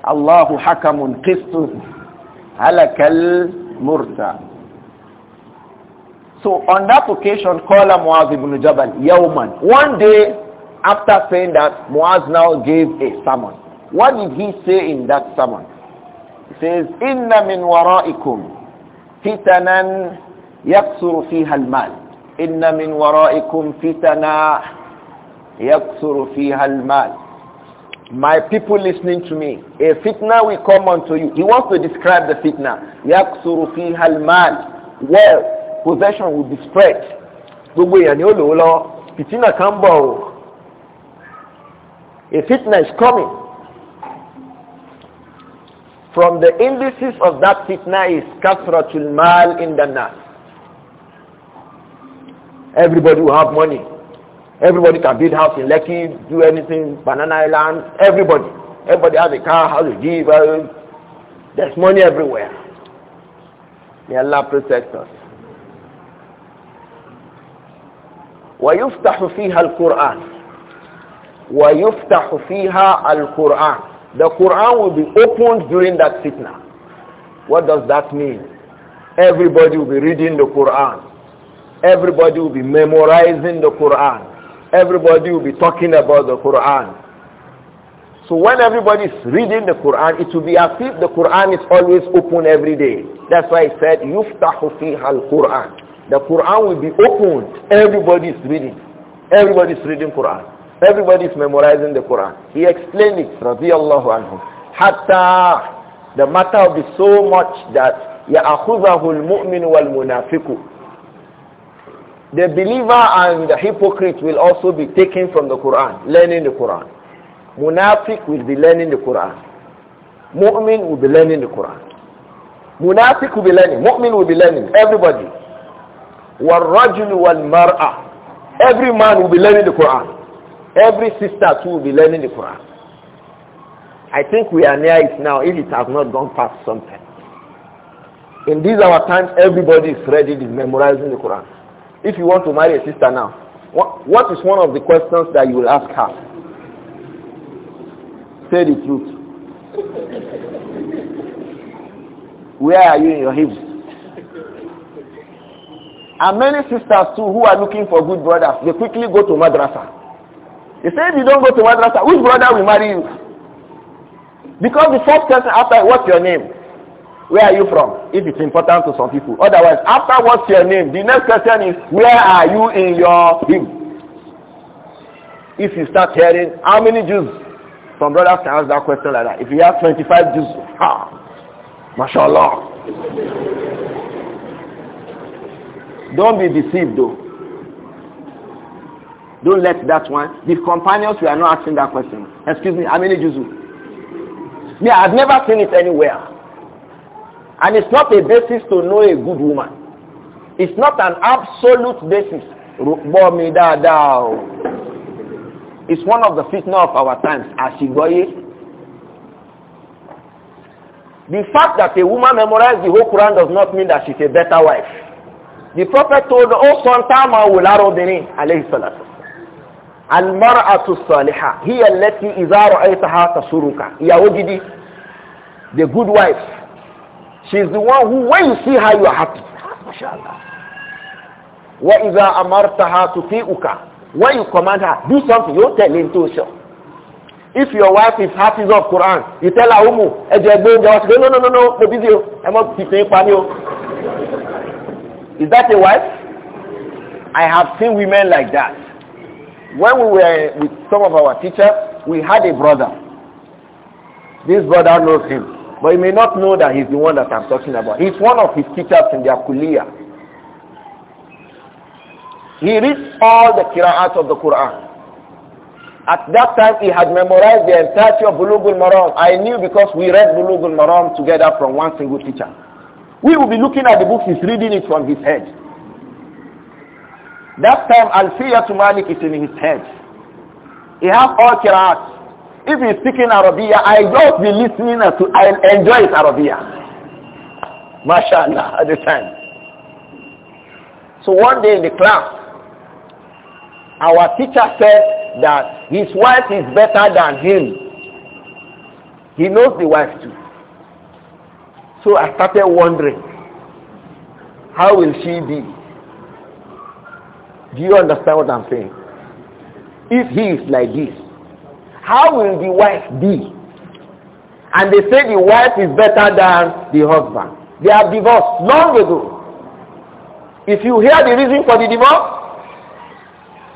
Allahu hakamun qistun. هلك المرسل so on that occasion qala muaz ibn jabal yawman one day after saying that muaz now gave a sermon what did he say in that sermon he says inna min waraikum fitanan yaksuru fiha al-mal inna min waraikum fitana yaksuru fiha al-mal my people listening to me a fitna will come unto you he wants to describe the fitna yaksuru fiha al-mal Well, possession will be spread gbogbo èèyàn ni ó lò ó lọ fìtínà kan bọ̀ o a fitna is coming from the indices of that fitna is kasratul mal in the nas everybody will have money Everybody can build house in Lekki, do anything, Banana Island, everybody. Everybody has a car, has a jeep. There's money everywhere. May Allah protect us. ويفتح فيها القرآن ويفتح فيها القرآن The Quran will be opened during that fitna. What does that mean? Everybody will be reading the Quran. Everybody will be memorizing the Quran everybody will be talking about the Quran. So when everybody is reading the Quran, it will be as if the Quran is always open every day. That's why I said, يُفْتَحُ فِيهَا quran The Quran will be opened. Everybody is reading. Everybody is reading Quran. Everybody is memorizing the Quran. He explained it, radiallahu anhu. Hatta the matter will be so much that يَأَخُذَهُ الْمُؤْمِنُ وَالْمُنَافِقُ the believer and the hypocrite will also be taken from the Quran, learning the Quran. Munafiq will be learning the Quran. Mu'min will be learning the Quran. Munafiq will be learning. Mu'min will be learning. Everybody. وَالرَّجُلُ وَالْمَرْأَةِ Every man will be learning the Quran. Every sister too will be learning the Quran. I think we are near it now if it has not gone past sometime. In these our times, everybody is ready to memorizing the Quran. If you want to marry a sister now, what is one of the questions that you will ask her? Say the truth. Where are you in your hips? And many sisters too who are looking for good brothers, they quickly go to madrasa. They say if you don't go to madrasa, which brother will marry you? Because the first person after, what's your name? where are you from if it's important to some people otherwise after what's your name the next question is where are you in your team? if you start hearing how many jews some brothers can ask that question like that if you have 25 jews ha mashallah don't be deceived though don't let that one the companions we are not asking that question excuse me how many jews yeah i've never seen it anywhere and it's not a basis to know a good woman. It's not an absolute basis. It's one of the fitna of our times. Ashigoye. The fact that a woman memorized the whole Quran does not mean that she's a better wife. The Prophet told, O son, Tama wularobini, alayhi salatu. Al-mar'atu He hiya allati idha ra'aytaha tasuruka. Yahudi, the good wife, She's the one who, when you see her, you are happy. MashaAllah. to أَمَرْتَهَا Uka. When you command her, do something, you don't tell him to show. If your wife is happy of Quran, you tell her, Umu, no, no, no, no, no, no, no, no, no, no, no, Is that a wife? I have seen women like that. When we were with some of our teachers, we had a brother. This brother knows him but you may not know that he's the one that I'm talking about. He's one of his teachers in the kuliya. He reads all the qira'at of the Quran. At that time, he had memorized the entirety of Bulugul Maram. I knew because we read Bulugul Maram together from one single teacher. We will be looking at the books, he's reading it from his head. That time, al to Malik is in his head. He has all qira'at. If he's speaking Arabia, I just be listening to I enjoy his Arabia. Mashallah at the time. So one day in the class, our teacher said that his wife is better than him. He knows the wife too. So I started wondering, how will she be? Do you understand what I'm saying? If he is like this, how will the wife be? And they say the wife is better than the husband. They have divorced long ago. If you hear the reason for the divorce,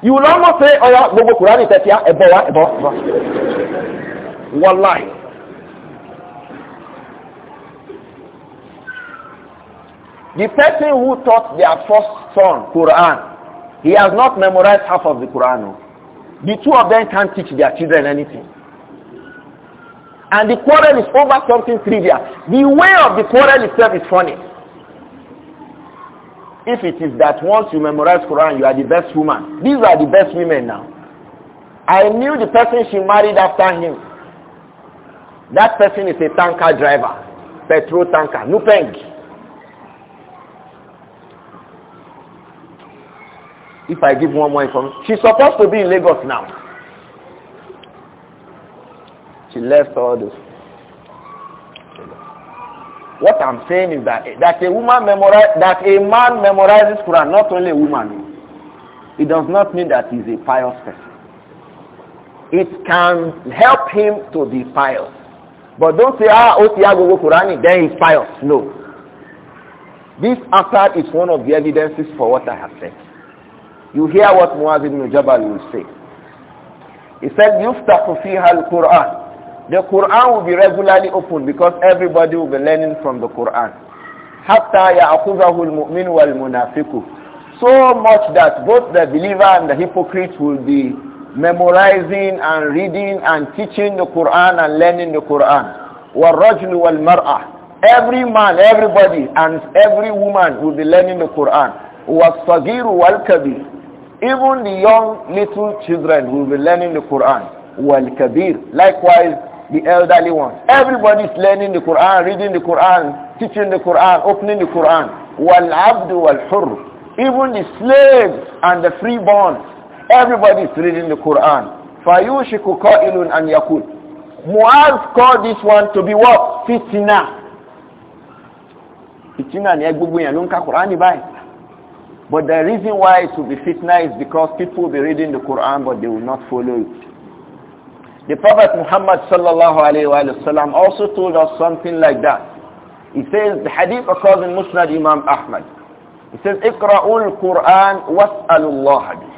you will almost say, oh yeah, gbogbo Quran is that?" Yeah, Ebola, Ebola, one line. The person who taught their first son Quran, he has not memorized half of the Quran. The two of them can't teach their children anything. And the quarrel is over something trivial. The way of the quarrel itself is funny. If it is that once you memorize Quran, you are the best woman. These are the best women now. I knew the person she married after him. That person is a tanker driver, petrol tanker, Nupeng. If I give one more information, she's supposed to be in Lagos now. She left all this. What I'm saying is that that a woman memorize that a man memorizes Quran, not only a woman. It does not mean that he's a pious person. It can help him to be pious. But don't say, ah, oh, Tiago Quran, then he's pious. No. This asad is one of the evidences for what I have said. You hear what Muaz ibn Jabal will say. He said, يُفْتَحُ al-Qur'an." The Quran will be regularly opened because everybody will be learning from the Quran. حَتَّى يَأْخُذَهُ الْمُؤْمِنُ وَالْمُنَافِقُ So much that both the believer and the hypocrite will be memorizing and reading and teaching the Quran and learning the Quran. وَالرَّجْلُ وَالْمَرْأَةِ Every man, everybody, and every woman will be learning the Quran. وَالصَّغِيرُ وَالْكَبِيرُ even the young little children will be learning the Quran. Wal kabir. Likewise, the elderly ones. Everybody is learning the Quran, reading the Quran, teaching the Quran, opening the Quran. Wal abdu wal hur. Even the slaves and the freeborn. Everybody is reading the Quran. Fayushiku qailun an yakul. Muaz called this one to be what? Fitna. Fitna ni gbogbo yẹn ló ń but the reason why it will be fitna is because people will be reading the Quran but they will not follow it. The Prophet Muhammad sallallahu alayhi wa also told us something like that. He says, the hadith occurs in Musnad Imam Ahmad. He says, القرآن Quran الله.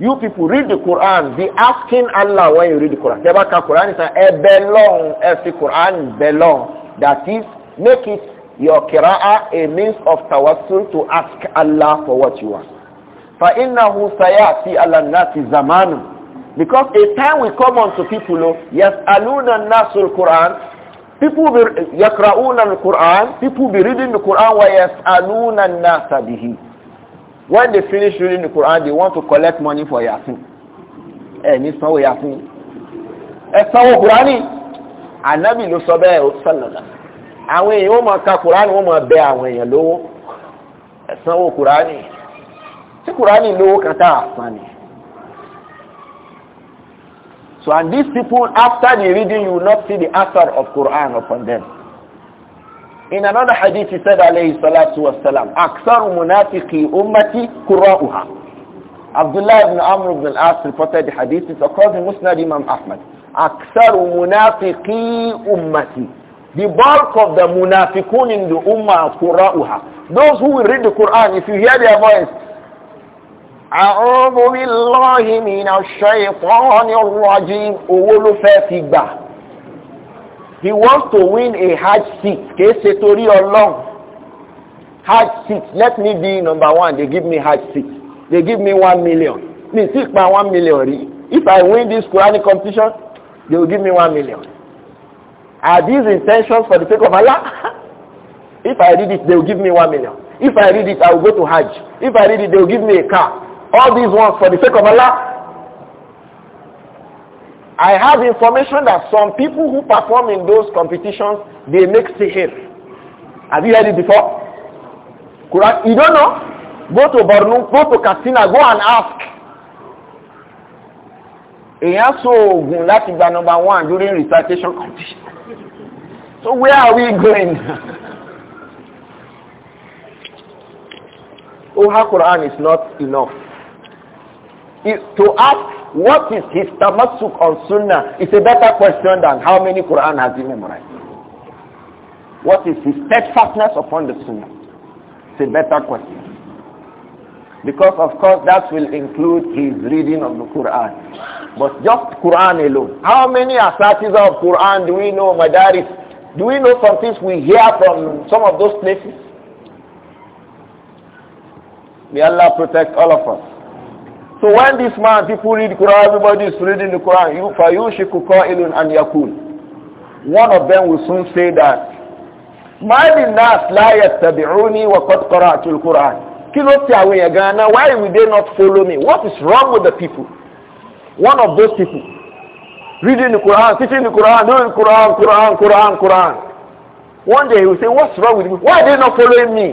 You people read the Quran, be asking Allah when you read the Quran. Tebaka Quran is a belong? every Quran belong. That is, make it your keraa a means of tawassul to ask Allah for what you want. فَإِنَّهُ سَيَأْتِي عَلَى النَّاسِ زَمَانٌ Because a time will come unto people, yes, aluna nasul Quran, people will be yaqra'una al-Quran, people will be reading the Quran wa yas'aluna an-nasa bihi. When they finish reading the Quran, they want to collect money for Yasin. Eh, ní sanwó Yasin. Eh, sanwó Qurani. Ànábì ló sọ bẹ́ẹ̀ o sallallahu àwọn èèyàn wọ́n máa ka kùránì wọ́n máa bẹ àwọn èèyàn lówó ẹ̀sánwó kùránì tí kùránì lówó kan tá àsán ni. So and these people after the reading you will not see the answer of Quran upon them. In another hadith he said alayhi salatu wa wasalam, Aksaru munafiqi ummati kura'uha. Abdullah ibn Amr ibn al-As reported the hadith. It occurs in Musnad Imam Ahmad. Aksaru munafiqi ummati. The bulk of the munafiqun in the ummah qura'uha. Those who will read the Quran, if you hear their voice, أعوذ ash من الشيطان الرجيم أولو فاتبا He wants to win a hard seat. Kìí ṣe torí ọlọ́run. Hard seat. Let me be number one. They give me hard seat. They give me one million. Me seek my one million. If I win this Quranic competition, they will give me one million. Are these intentions for the sake of Allah? if I read it, they will give me one million. If I read it, I will go to Hajj. If I read it, they will give me a car. All these ones for the sake of Allah. I have information that some people who perform in those competitions, they make sihir. Have you heard it before? Quran, you don't know? Go to Bornu, go to Katsina, go and ask. Èèyàn so oògùn láti gba number one during recitation competition. So where are we going? Oha Quran is not enough. It, to ask what is his tamasuk on sunnah is a better question than how many Quran has he memorized. What is his steadfastness upon the sunnah? It's a better question. Because of course that will include his reading of the Quran. But just Quran alone. How many asatiza of Quran do we know, madaris, do we know some things we hear from some of those places? May Allah protect all of us. So when this man, people read the Quran, everybody is reading the Quran. You fayushiku qailun an One of them will soon say that. ما للناس لا يتبعوني وقد قرأت القرآن. Quran. Kilo ti àwọn èèyàn Why will they not follow me? What is wrong with the people? One of those people reading the Quran, teaching the Quran, doing Quran, Quran, Quran, Quran. One day he will say, what's wrong with me? Why are they not following me?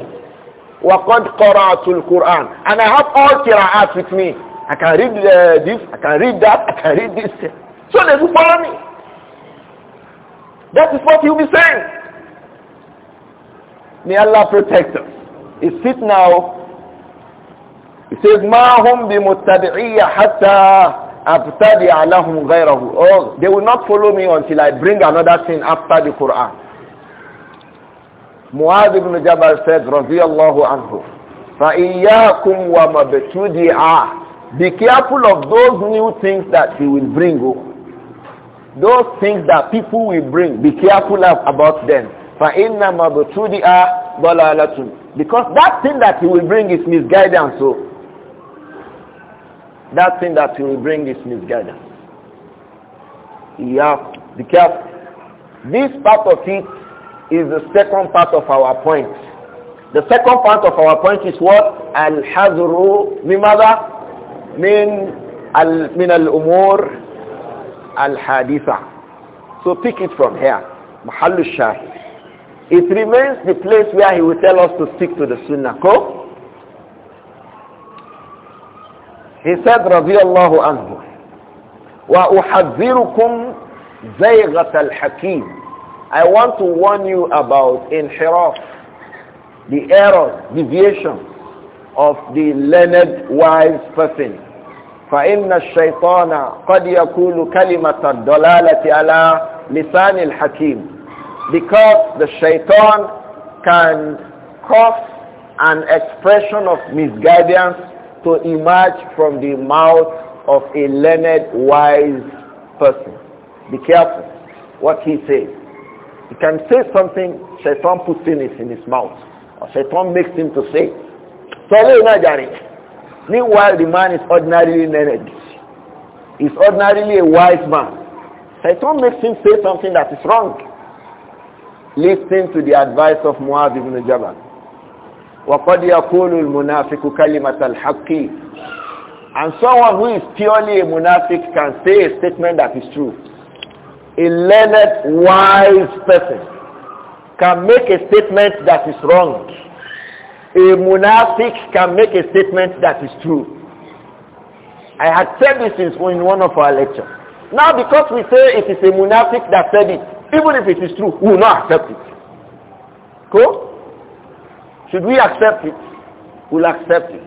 وَقَدْ قَرَأْتُ الْقُرْآنِ And I have all qira'at with me. I can read uh, this, I can read that, I can read this. So they will follow me. That is what he will be saying. May Allah protect us. He sits now. He says, مَا هُمْ بِمُتَّبِعِيَّ حَتَّى abtadi alahum ghayrahu oh they will not follow me until i bring another thing after the quran muad ibn jabal said radiyallahu anhu fa iyyakum wa mabtudi'a be careful of those new things that he will bring oh. those things that people will bring be careful about them fa inna mabtudi'a dalalatun because that thing that he will bring is misguidance so oh that thing that you will bring is misguidance. Yeah, because This part of it is the second part of our point. The second part of our point is what? Al-hazru mimada min al min al-umur al-haditha. So pick it from here. Mahallu It remains the place where he will tell us to stick to the sunnah. He said, رضي الله عنه وأحذركم زيغة الحكيم I want to warn you about inhiraf, the error, deviation of the learned wise person. فإن الشيطان قد يقول كلمة الضلالة على لسان الحكيم because the shaitan can cause an expression of misguidance to emerge from the mouth of a learned, wise person. Be careful what he says. He can say something, Shaitan puts his in his mouth. Or Shaitan makes him to say. So Meanwhile, the man is ordinarily learned. He's ordinarily a wise man. Shaitan makes him say something that is wrong. Listen to the advice of Muaz ibn Jabal. وَقَدْ يَقُولُ الْمُنَافِقُ كَلِمَةَ الْحَقِّ And someone who is purely a munafiq can say a statement that is true. A learned, wise person can make a statement that is wrong. A munafiq can make a statement that is true. I had said this in one of our lectures. Now because we say it is a munafiq that said it, even if it is true, we will not accept it. Cool? Should we accept it? We'll accept it.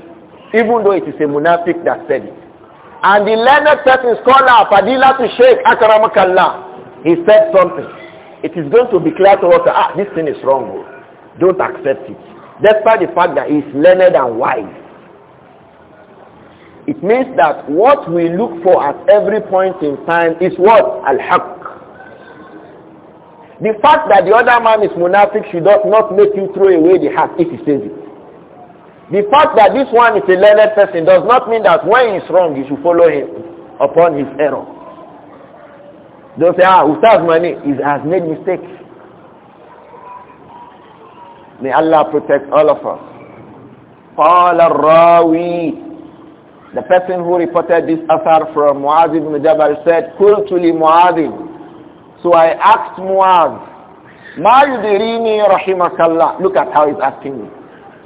Even though it is a munafiq that said it. And the learned person scholar, Fadila to Sheikh Akaramakallah, he said something. It is going to be clear to us, ah, this thing is wrong. Oh. Don't accept it. Despite the fact that he is learned and wise. It means that what we look for at every point in time is what? Al-Haqq. The fact that the other man is monastic should not make you throw away the hat if he says it. The fact that this one is a learned person does not mean that when he's wrong, you should follow him upon his error. Don't say, ah, Ustaz Mani is, has made mistakes. May Allah protect all of us. Qala rawi The person who reported this asar from Muaz ibn Jabal said, Kultuli Muaz so I asked Muaz, Ma yudirini rahimakallah. Look at how he's asking me.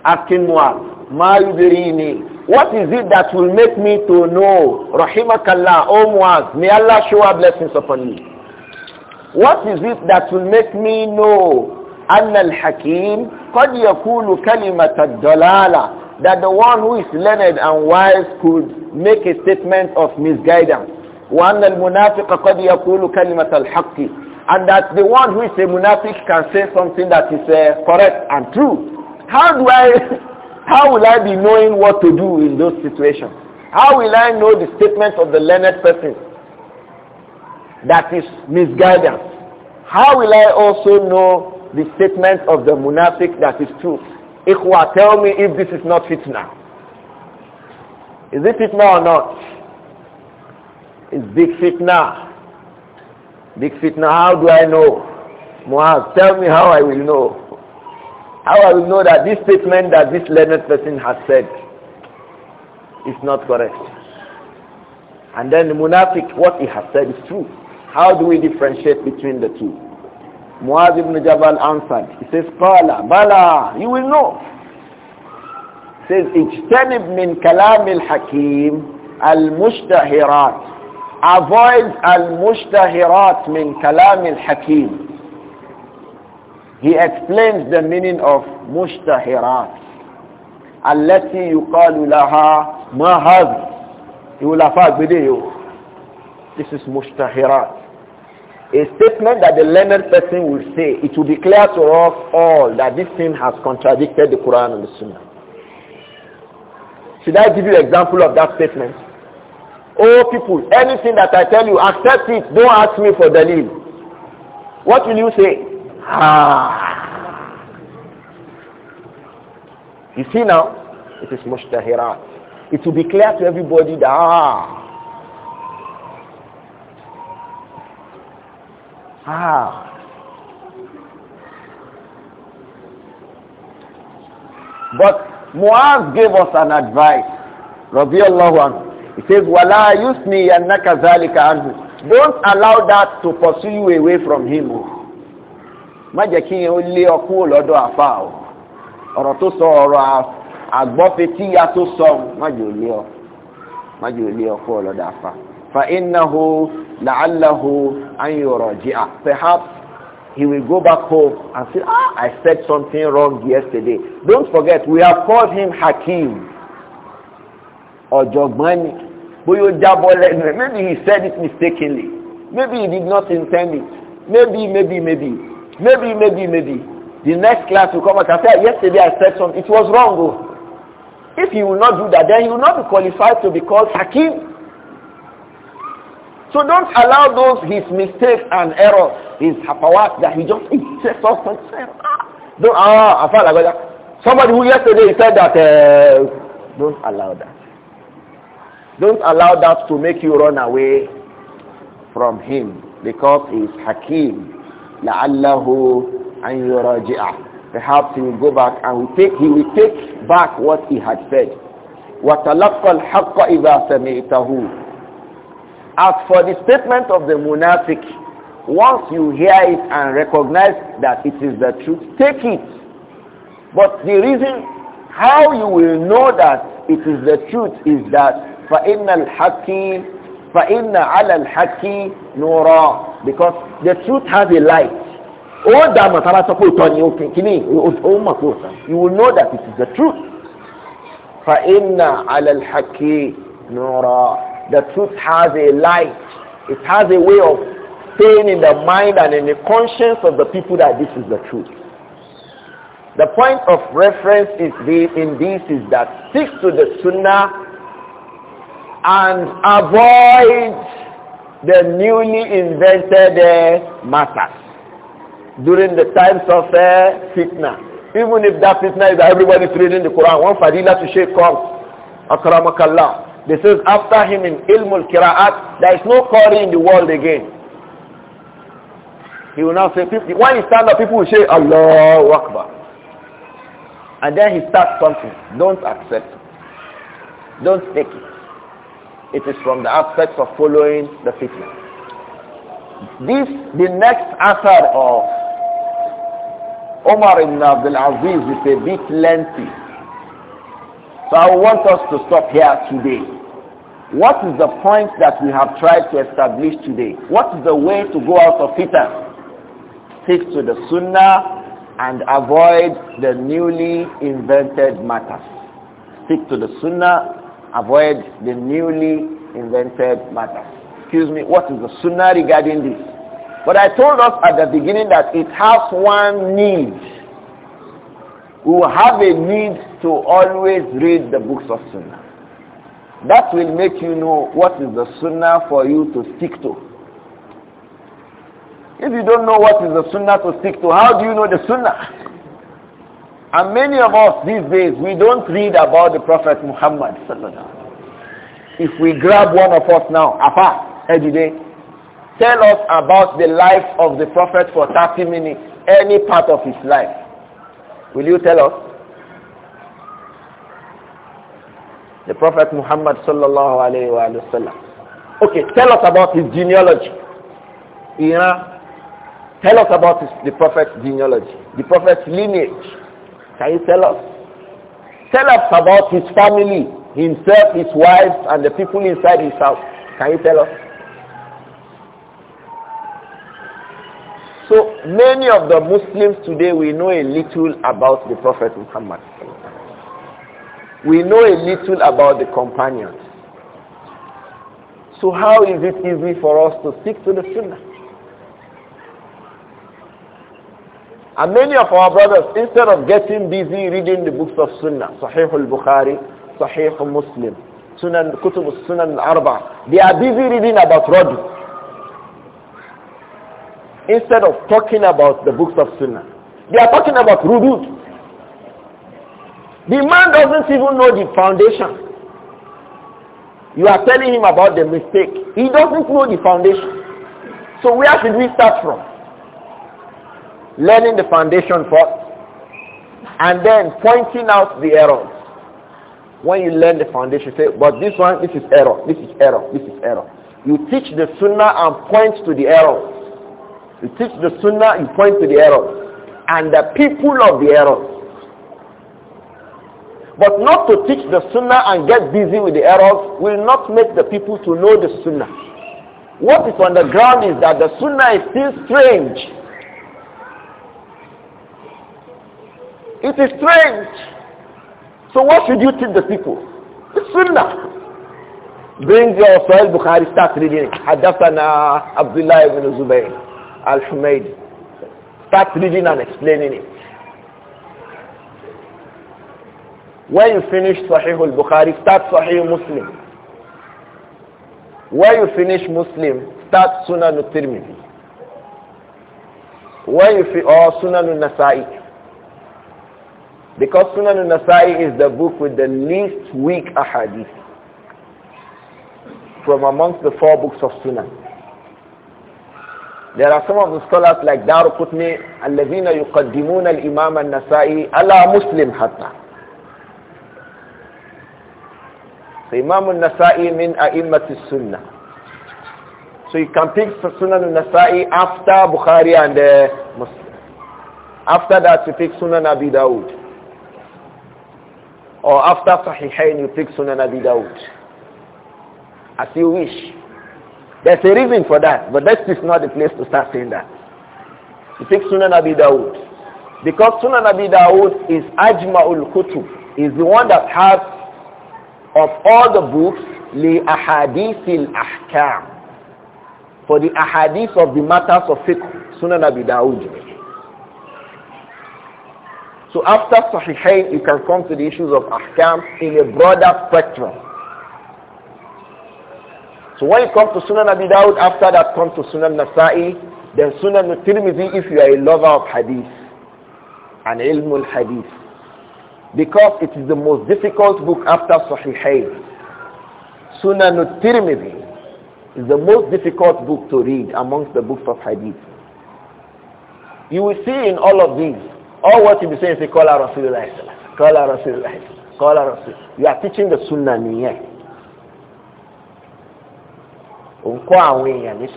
Asking Muaz, Ma yudirini. What is it that will make me to know rahimakallah, O oh Muaz, may Allah shower blessings upon you. What is it that will make me know أن الحكيم قد يقول كلمة الدلالة that the one who is learned and wise could make a statement of misguidance وأن المنافق قد يقول كلمة الحق and that the one who is a munafiq can say something that is uh, correct and true. How do I, how will I be knowing what to do in those situations? How will I know the statement of the learned person that is misguidance? How will I also know the statement of the munafiq that is true? Ikhwa, tell me if this is not fitna. Is it fitna or not? It's big fitna. Big fitna, how do I know? Muaz, tell me how I will know. How I will know that this statement that this learned person has said is not correct. And then the munafiq, what he has said is true. How do we differentiate between the two? Muaz ibn Jabal answered. He says, Qala, Bala, you will know. He says, اجتنب min kalam al-hakim al avoid al-mushtahirat min kalam al-hakim. He explains the meaning of mushtahirat. التي يقال لها ما هذا يقول أفاق بديه This is mushtahirat. A statement that the learned person will say, it will declare to us all that this thing has contradicted the Quran and the Sunnah. Should I give you an example of that statement? Oh people, anything that I tell you, accept it. Don't ask me for the leave. What will you say? Ah. You see now, it is mushtahirat. It will be clear to everybody that ah. Ah. But Muaz gave us an advice. Rabbi Allah He says, Wala yusni yannaka zalika anhu. Don't allow that to pursue you away from him. Má jẹ́ kí yẹn ó lé ọkú o. Ọ̀rọ̀ tó sọ ọ̀rọ̀ àgbọ́fetíya tó sọ má jẹ́ ó o ọ. o jẹ́ ó lé ọkú lọ́dọ̀ àfa. Fa innahu la'allahu an yuraji'a. Perhaps he will go back home and say, ah, I said something wrong yesterday. Don't forget, we have called him Hakim. ọ̀jọ̀gbọ́n ni bóyá ó jábọ́ lẹ́nu maybe he said it mistakenly maybe he did not intend it maybe maybe maybe maybe maybe maybe the next class will come out and say yesterday I said something it was wrong oh. if he will not do that then he will not be qualified to be called hakim so don't allow those his mistakes and errors his hapawat that he just says something don't ah afa lagbaja somebody who yesterday said that uh, don't allow that don't allow that to make you run away from him because he is Hakim. لَعَلَّهُ an يُرَجِعَ Perhaps he will go back and will take, he will take back what he had said. وَتَلَقَّ الْحَقَّ إِذَا سَمِعْتَهُ As for the statement of the munafiq, once you hear it and recognize that it is the truth, take it. But the reason how you will know that it is the truth is that فإن الحق فإن على الحق نورا because the truth has a light ó dá mọ̀tara sọ pé òtọ́ ni ó you will know that it is the truth فإن على الحق نورا the truth has a light it has a way of staying in the mind and in the conscience of the people that this is the truth the point of reference is this, in this is that stick to the sunnah and avoid the newly invented uh, matters during the times of uh, fitna. Even if that fitna is that everybody is reading the Quran, one fadila to Shaykh comes, akramakallah. This is after him in ilmul kiraat, there is no Qari in the world again. He will now say, people, when he stand up, people will say, Allahu Akbar. And then he starts something. Don't accept it. Don't take it it is from the aspects of following the fitna. This, the next aspect of Omar ibn Abdul Aziz is a bit lengthy. So I want us to stop here today. What is the point that we have tried to establish today? What is the way to go out of fitna? Stick to the sunnah and avoid the newly invented matters. Stick to the sunnah avoid the newly invented matter. Excuse me, what is the sunnah regarding this? But I told us at the beginning that it has one need. We have a need to always read the books of sunnah. That will make you know what is the sunnah for you to stick to. If you don't know what is the sunnah to stick to, how do you know the sunnah? And many of us these days, we don't read about the Prophet Muhammad. If we grab one of us now, Apa, Ejide, tell us about the life of the Prophet for 30 minutes, any part of his life. Will you tell us? The Prophet Muhammad sallallahu alayhi wa sallam. Okay, tell us about his genealogy. Yeah. Tell us about his, the Prophet's genealogy, the Prophet's lineage. Can you tell us? Tell us about his family, himself, his wife, and the people inside his house. Can you tell us? So many of the Muslims today, we know a little about the Prophet Muhammad. We know a little about the companions. So how is it easy for us to stick to the Sunnah? And many of our brothers, instead of getting busy reading the books of Sunnah, Sahih al-Bukhari, Sahih muslim Sunan, Kutub al-Sunan al-Arba, they are busy reading about Radu. Instead of talking about the books of Sunnah, they are talking about Rudud. The man doesn't even know the foundation. You are telling him about the mistake. He doesn't know the foundation. So where should we start from? learning the foundation first, and then pointing out the errors. When you learn the foundation, say, but this one, this is error, this is error, this is error. You teach the sunnah and point to the errors. You teach the sunnah, you point to the errors. And the people of the errors. But not to teach the sunnah and get busy with the errors will not make the people to know the sunnah. What is on the ground is that the sunnah is still strange. It is strange. So what should you teach the people? It's sunnah. Bring your Sahih Bukhari, start reading. Hadathana Abdullah ibn Zubayr al-Humaydi. Start reading and explaining it. When you finish Sahih al-Bukhari, start Sahih Muslim. When you finish Muslim, start Sunan al-Tirmidhi. When you finish, or Sunan al-Nasa'i. Because Sunan al-Nasai is the book with the least weak ahadith from amongst the four books of Sunan. There are some of the scholars like Dar Qutni, الذين يقدمون الإمام النسائي على مسلم حتى. So Imam al-Nasai من أئمة السنة. So you can pick Sunan al-Nasai after Bukhari and uh, Muslim. After that you pick Sunan Abi Dawud. Or after Sahihain, you take Sunan Abi Dawud. As you wish. There's a reason for that, but that is not the place to start saying that. You take Sunan Abi Dawud. Because Sunan Abi Dawud is Ajma'ul Kutub, is the one that has, of all the books, li ahadithil ahkam for the ahadith of the matters of fiqh sunan abi daud so after Sahihain, you can come to the issues of Ahkam in a broader spectrum. So when you come to Sunan Abi Dawud, after that come to Sunan Nasa'i, then Sunan Tirmidhi if you are a lover of Hadith and Ilmul Hadith. Because it is the most difficult book after Sahihain. Sunan Tirmidhi is the most difficult book to read amongst the books of Hadith. You will see in all of these all what you be saying is Qala Rasulullah Qala Rasulullah our Rasul. You are teaching the Sunnah yeah.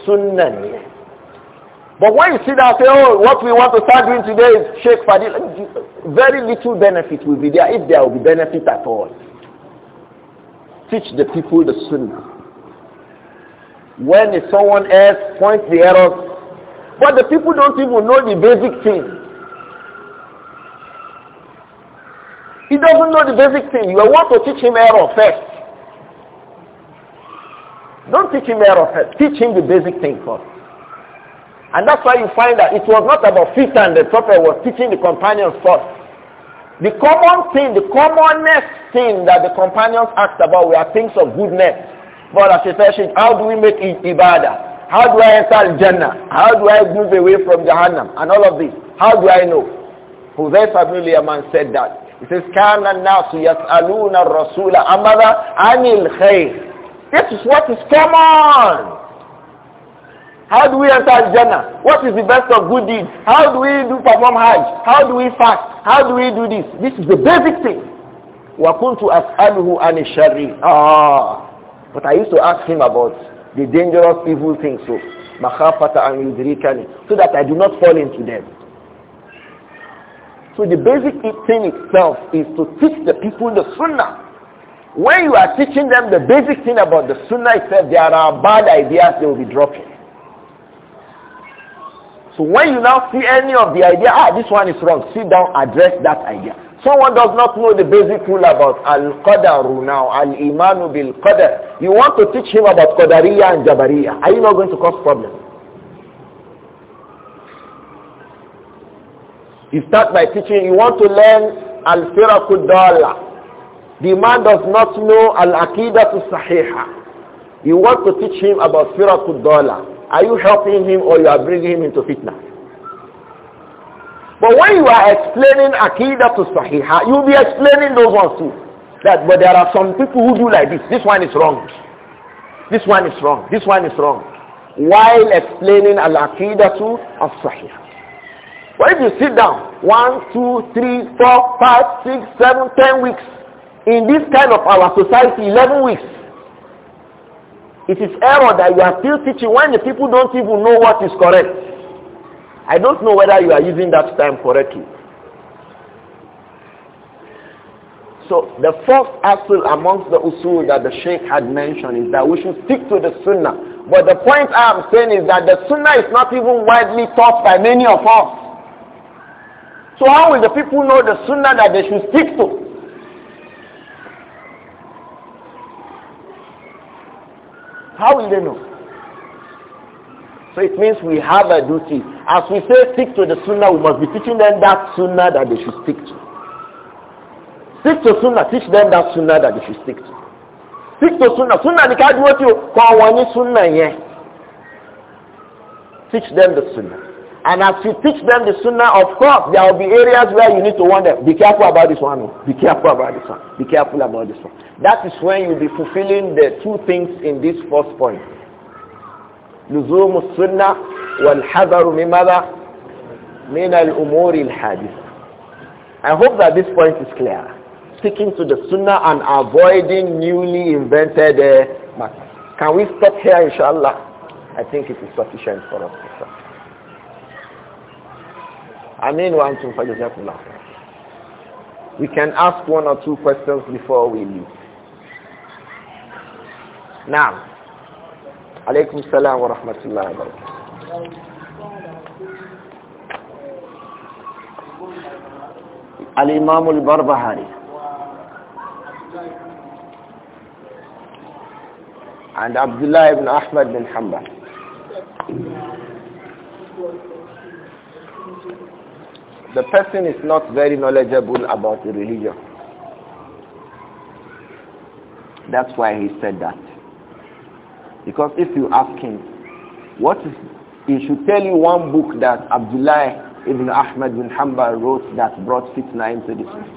Sunnah But when you see that, say, oh, what we want to start doing today is Sheikh Fadil, very little benefit will be there, if there will be benefit at all. Teach the people the Sunnah. When is someone else points the errors, but the people don't even know the basic thing. He doesn't know the basic thing. You want to teach him error first. Don't teach him error first. Teach him the basic thing first. And that's why you find that it was not about and the prophet was teaching the companions first. The common thing, the commonest thing that the companions asked about were things of goodness. But as a said, how do we make it ibadah? How do I enter Jannah? How do I move away from Jahannam? And all of this. How do I know? Huzaifa ibn man said that. It says, كَانَ النَّاسُ يَسْأَلُونَ الرَّسُولَ أَمَذَا عَنِ الْخَيْرِ This is what is common. How do we enter Jannah? What is the best of good deeds? How do we do perform Hajj? How do we fast? How do we do this? This is the basic thing. وَكُنْتُ أَسْأَلُهُ عَنِ الشَّرِّ Ah, but I used to ask him about the dangerous evil things so مَخَافَةَ أَنْ يُدْرِكَنِ so that I do not fall into them. So the basic thing itself is to teach the people the sunnah. When you are teaching them the basic thing about the sunnah itself, there are bad ideas they will be dropping. So when you now see any of the idea, ah, this one is wrong, sit down, address that idea. Someone does not know the basic rule about al-qadaru now, al-imanu bil-qadar. You want to teach him about qadariya and jabariya. Are you not going to cause problems? You start by teaching, you want to learn al-firaqud The man does not know al-aqidatu sahiha. You want to teach him about firaqud Are you helping him or you are bringing him into fitna? But when you are explaining Aqidah to Sahiha, you'll be explaining those ones too. That, but there are some people who do like this. This one is wrong. This one is wrong. This one is wrong. While explaining Al-Aqidah to As-Sahiha. But if you sit down, one, two, three, four, five, six, seven, ten weeks, in this kind of our society, 11 weeks, it is error that you are still teaching when the people don't even know what is correct. I don't know whether you are using that time correctly. So the first aspect amongst the usul that the sheikh had mentioned is that we should stick to the sunnah. But the point I am saying is that the sunnah is not even widely taught by many of us. So how will the people know the sunnah that they should stick to? How will they know? So it means we have a duty. As we say stick to the sunnah, we must be teaching them that sunnah that they should stick to. Stick to sunnah, teach them that sunnah that they should stick to. Stick to sunnah. Sunnah ni ká dúró tí o, kọ́ àwọn ní sunnah Teach them the sunnah. And as you teach them the sunnah, of course, there will be areas where you need to warn them. Be careful about this one. Oh. Be careful about this one. Be careful about this one. That is when you'll be fulfilling the two things in this first point. لزوم السنة والحذر من ماذا؟ من الأمور الحادثة. I hope that this point is clear. Sticking to the sunnah and avoiding newly invented uh, matters. Can we stop here, inshallah? I think it is sufficient for us. Amin wa antum fajazakumullah. We can ask one or two questions before we leave. Now, alaykum salam wa rahmatullahi wa barakatuh. Al-Imam al-Barbahari. And Abdullah ibn Ahmad bin Hanbal. the person is not very knowledgeable about the religion. That's why he said that. Because if you ask him, what is, he should tell you one book that Abdullah ibn Ahmad bin Hanbal wrote that brought fitna into this world.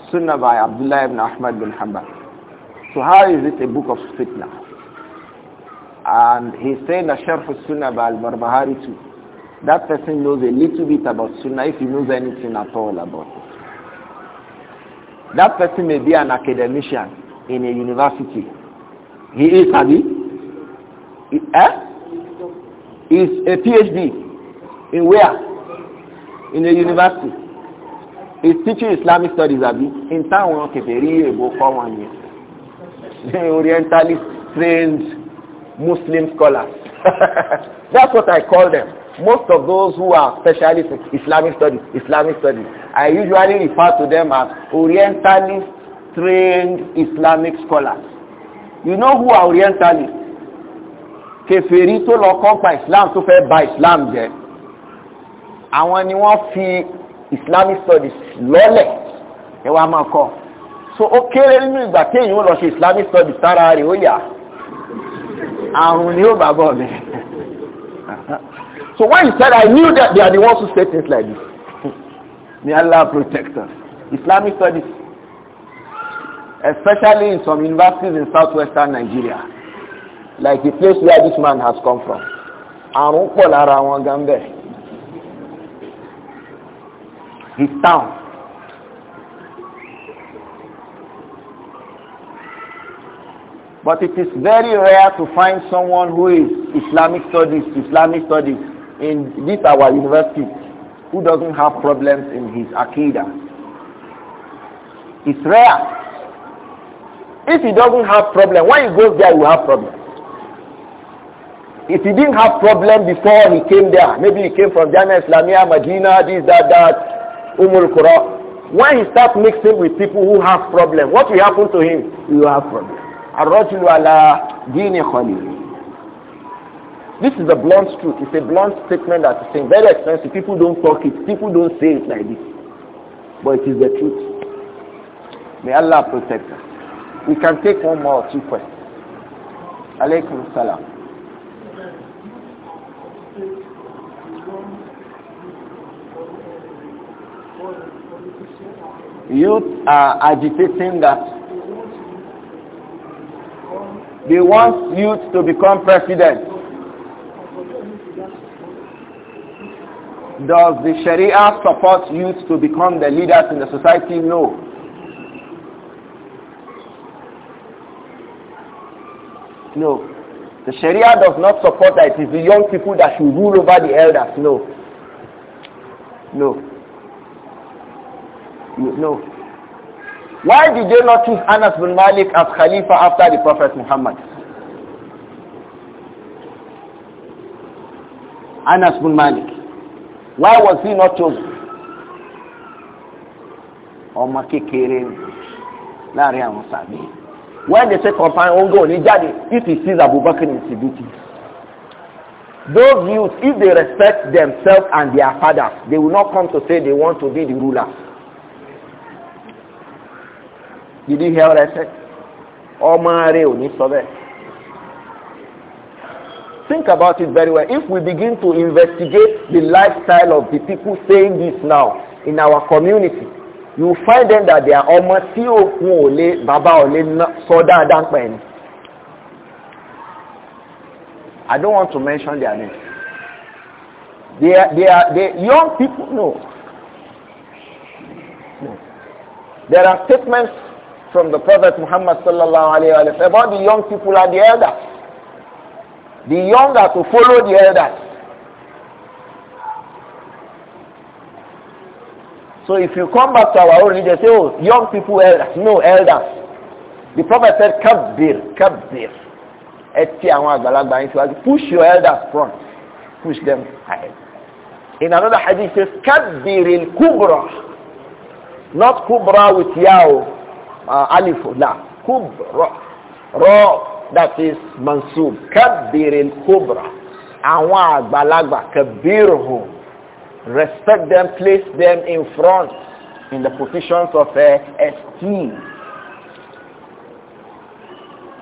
As-Sunnah by Abdullah ibn Ahmad bin Hanbal. So how is it a book of fitna? And he said, sharf al-Sunnah by al-Barbahari too. That person knows a little bit about Sunnah if he knows anything at all about it. That person may be an academician in a university. He is, Abi? He, eh? Is a PhD. In where? In a university. He's teaching Islamic studies, Abi. In town, okay, very able for one year. The Orientalist trained Muslim scholars. That's what I call them most of those who are specialists in Islamic studies, Islamic studies, I usually refer to them as Orientalist trained Islamic scholars. You know who are Orientalists? Kèfèrí to lọ kọ́ pa Islam to fẹ́ ba Islam jẹ́. Àwọn ni wọ́n fi Islamic studies lọ́lẹ̀ ẹ wá máa kọ́. So ó kéré nínú ìgbà téèyàn ó lọ ṣe Islamic studies sára rẹ̀ ó yà. Àrùn ni ó bàbá mi. So when he said, I knew that they are the ones who say things like this. May Allah protect us. Islamic studies, especially in some universities in southwestern Nigeria, like the place where this man has come from. His town. But it is very rare to find someone who is Islamic studies, Islamic studies, in this our university who doesn't have problems in his akida. It's rare. If he doesn't have problem, when he goes there, he will have problem. If he didn't have problem before he came there, maybe he came from Jana Islamia, Medina, this, that, that, Umul Kura. When he start mixing with people who have problem, what will happen to him? He will have problem. الرجل على دين خليله this is a blunt truth. It's a blunt statement that is saying very expensive. People don't talk it. People don't say it like this. But it is the truth. May Allah protect us. We can take one more or two questions. Alaykum salam. Youth are agitating that they want youth to become president. Does the Sharia support youth to become the leaders in the society? No. No. The Sharia does not support that it is the young people that should rule over the elders. No. No. No. Why did they not choose Anas bin Malik as Khalifa after the Prophet Muhammad? Anas bin Malik. Why was he not chosen? Ọmọ kékeré láàrin àwọn sàbí. When they say companion, ó ń gbọ́ if he sees Abubakar in Sibuti. Those youths, if they respect themselves and their fathers, they will not come to say they want to be the ruler. Did you hear what I said? Ọmọ rẹ̀ ò ní sọ bẹ́ẹ̀. Think about it very well. If we begin to investigate the lifestyle of the people saying this now in our community, you will find them that they are almost tí òkun bàbá Olé, Soda sọ I don't want to mention their name. They are, they are they, young people, no. no. There are statements from the Prophet Muhammad sallallahu alayhi wa sallam about the young people and the elders. The younger to follow the elders. So if you come back to our own religion, say, oh, young people, elders. No, elders. The prophet said, kabir, kabir. Eti àwọn àgbàlagbà yín Push your elders front. Push them ahead. In another hadith it says, kabir il kubra. Not kubra with yao, uh, alif, la. Kubra. Ra that is mansub kabiril kubra àwọn àgbàlagbà kabirhum respect them place them in front in the positions of uh, esteem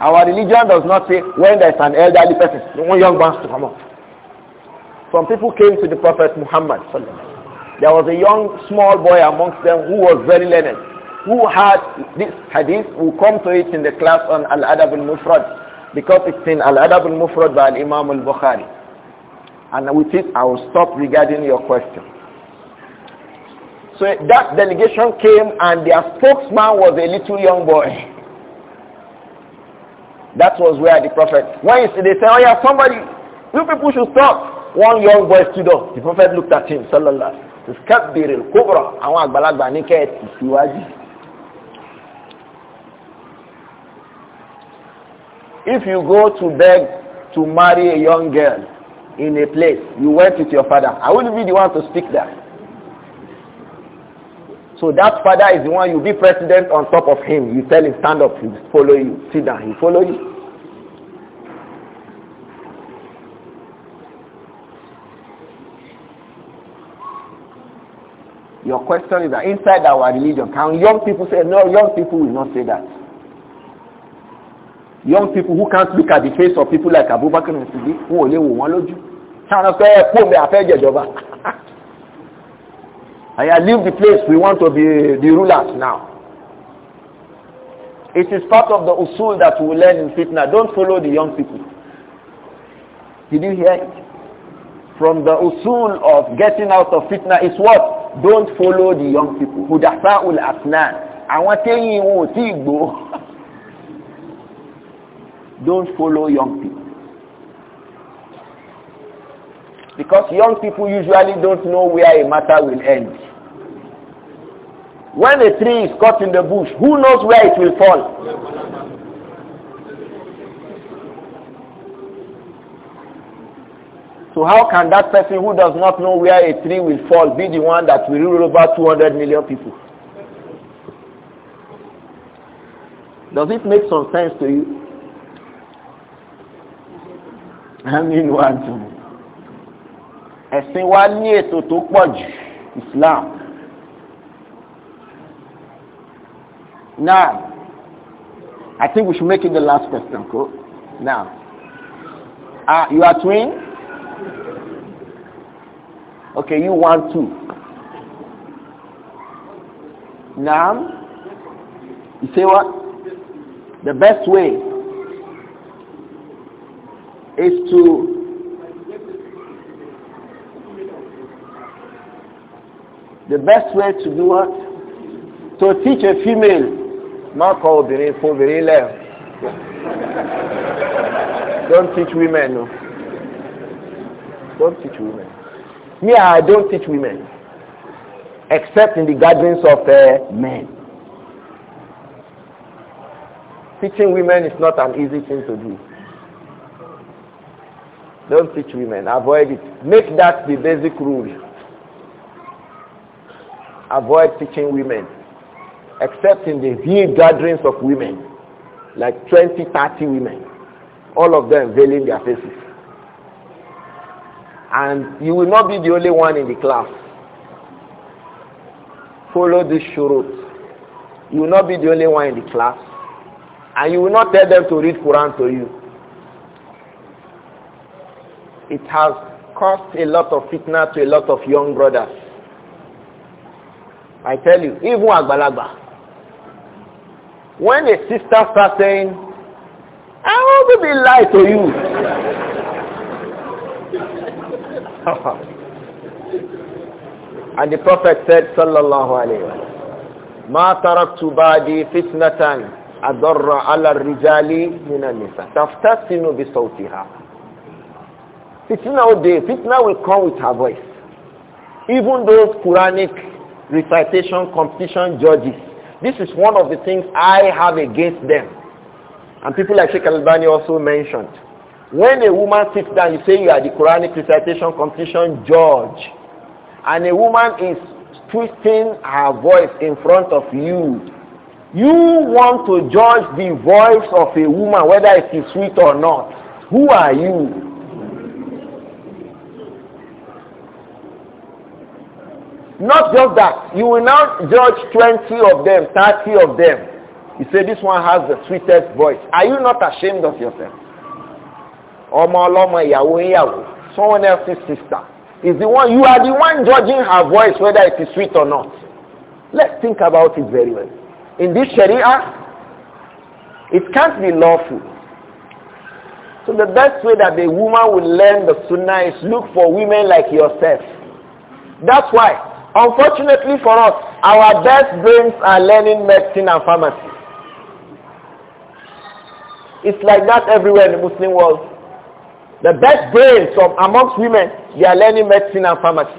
our religion does not say when there is an elderly person one young man to come up some people came to the prophet muhammad there was a young small boy amongst them who was very learned who had this hadith will come to it in the class on Al-Adab al-Mufrad because it's in Al-Adab al-Mufrad by Imam al-Bukhari. And with it, I will stop regarding your question. So that delegation came and their spokesman was a little young boy. That was where the prophet, when they said, oh yeah, somebody, you people should stop. One young boy stood up. The prophet looked at him, sallallahu alaihi wasallam. This kabir al-kubra, àwọn àgbàlagbà ní kẹ́ẹ̀tì If you go to beg to marry a young girl in a place, you went with your father. I will be the one to speak that. So that father is the one you be president on top of him. You tell him stand up, he follow you. Sit down, he follow you. Your question is that inside our religion, can young people say no? Young people will not say that. young people who can't look at the face of people like Abubakar and Sidi wọn ò lè wò wọ́n lójú sáwọn fẹ́ pò mi àfẹ́ jẹ̀jọba and I leave the place we want to be the rulers now it is part of the usul that we learn in fitna don't follow the young people did you hear it from the usul of getting out of fitna is what don't follow the young people hudasa ul asnan àwọn téyìn wọn ò tí ì gbó. don't follow young people. Because young people usually don't know where a matter will end. When a tree is caught in the bush, who knows where it will fall? So how can that person who does not know where a tree will fall be the one that will rule over 200 million people? Does it make some sense to you? aminu antum ẹ̀sìn wa ní ètò tó pọ̀ jù islam now i think we should make it the last question ko now ah uh, you are twin okay you want two now you say what the best way is to the best way to do what? To teach a female má kọ for very obìnrin lẹ́ẹ̀ don't teach women no don't teach women me I don't teach women except in the gatherings of uh, men teaching women is not an easy thing to do don't teach women. Avoid it. Make that the basic rule. Avoid teaching women. Except in the huge gatherings of women. Like 20, 30 women. All of them veiling their faces. And you will not be the only one in the class. Follow this shurut. You will not be the only one in the class. And you will not tell them to read Quran to you it has caused a lot of fitna to a lot of young brothers. I tell you, even Agbalagba. When a sister starts saying, I want to be lie to you. and the Prophet said, Sallallahu Alaihi Wasallam, ما تركت fitnatan فتنة ala rijali الرجال nisa. النساء تفتسن بصوتها Fitna day, fitna will come with her voice. Even those Quranic recitation competition judges, this is one of the things I have against them. And people like Sheikh Al-Bani also mentioned. When a woman sits down, you say you are the Quranic recitation competition judge. And a woman is twisting her voice in front of you. You want to judge the voice of a woman, whether it is sweet or not. Who are you? Not just that. You will now judge 20 of them, 30 of them. You say, this one has the sweetest voice. Are you not ashamed of yourself? Someone else's sister is the one, you are the one judging her voice whether it is sweet or not. Let's think about it very well. In this Sharia, it can't be lawful. So the best way that a woman will learn the Sunnah is look for women like yourself. That's why Unfortunately for us, our best brains are learning medicine and pharmacy. It's like that everywhere in the Muslim world. The best brains from amongst women, they are learning medicine and pharmacy.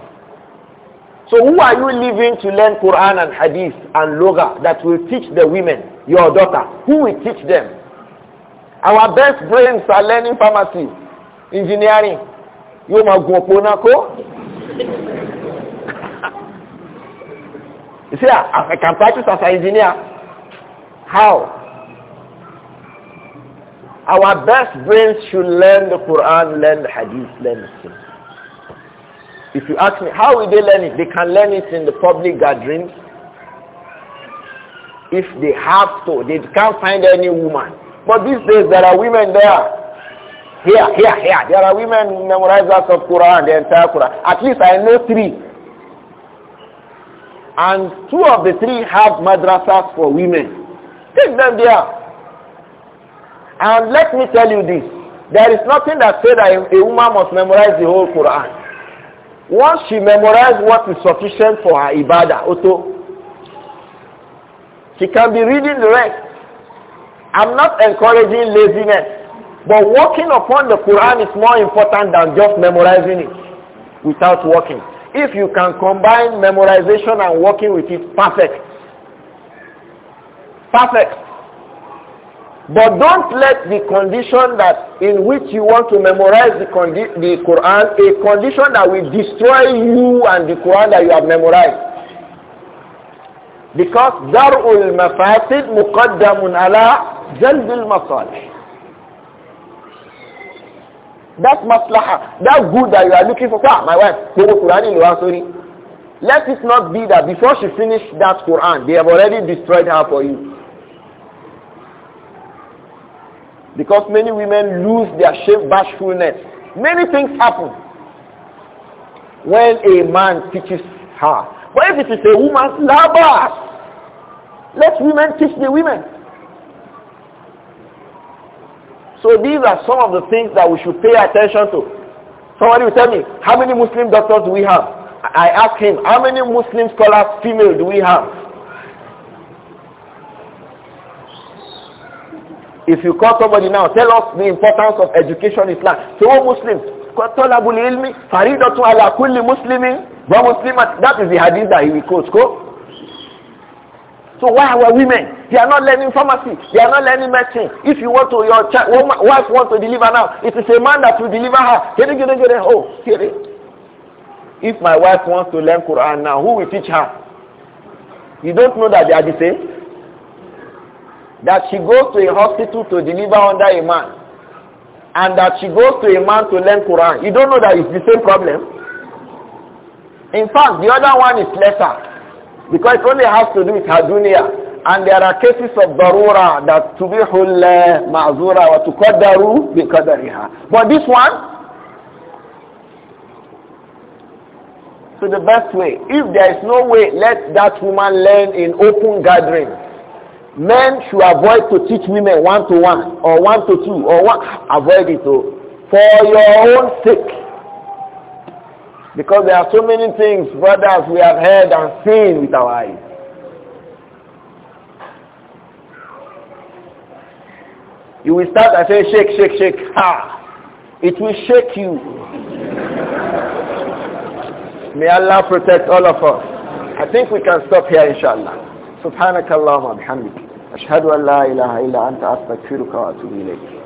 So who are you leaving to learn Quran and Hadith and Loga that will teach the women, your daughter? Who will teach them? Our best brains are learning pharmacy, engineering. You must go you see, as I can practice as an engineer. How? Our best brains should learn the Quran, learn the Hadith, learn the If you ask me, how will they learn it? They can learn it in the public gatherings. If they have to, they can't find any woman. But these days there are women there. Here, here, here. There are women memorizers of Quran, the entire Quran. At least I know three. And two of the three have madrasas for women. Take them there. And let me tell you this. There is nothing that says that a woman must memorize the whole Quran. Once she memorizes what is sufficient for her ibadah, also she can be reading the rest. I'm not encouraging laziness. But working upon the Quran is more important than just memorizing it without working. If you can combine memorization and working with it, perfect. Perfect. But don't let the condition that in which you want to memorize the, the Quran, a condition that will destroy you and the Quran that you have memorized. Because darul mafasid muqaddamun ala al masalih. That maslaha, that good that you are looking for, ah, my wife, let it not be that before she finished that Quran, they have already destroyed her for you. Because many women lose their shame bashfulness. Many things happen when a man teaches her. But if it is a woman's labor, let women teach the women. So these are some of the things that we should pay attention to. Somebody will tell me, how many Muslim doctors do we have? I ask him, how many Muslim scholars female do we have? If you call somebody now, tell us the importance of education in Islam. So all Muslims, طلب العلم فريضة على كل مسلم ومسلمة. That is the hadith that he will quote. So why are women? They are not learning pharmacy. They are not learning medicine. If you want to, your child, wife wants to deliver now, it is a man that will deliver her. Get it, get it, get it. Oh, get it. If my wife wants to learn Quran now, who will teach her? You don't know that they are the same? That she goes to a hospital to deliver under a man. And that she goes to a man to learn Quran. You don't know that it's the same problem? In fact, the other one is lesser. Because it only has to do with her dunya. And there are cases of darura that tubihul eh, ma'zura wa tuqaddaru biqadariha. But this one, so the best way, if there is no way, let that woman learn in open gathering. Men should avoid to teach women one to one or one to two or one, avoid it. All. Oh. For your own sake, because there are so many things, brothers, we have heard and seen with our eyes. You will start and say, shake, shake, shake. Ha! It will shake you. May Allah protect all of us. I think we can stop here, inshallah. سبحانك اللهم وبحمدك an la ilaha illa anta أنت أستغفرك وأتوب إليك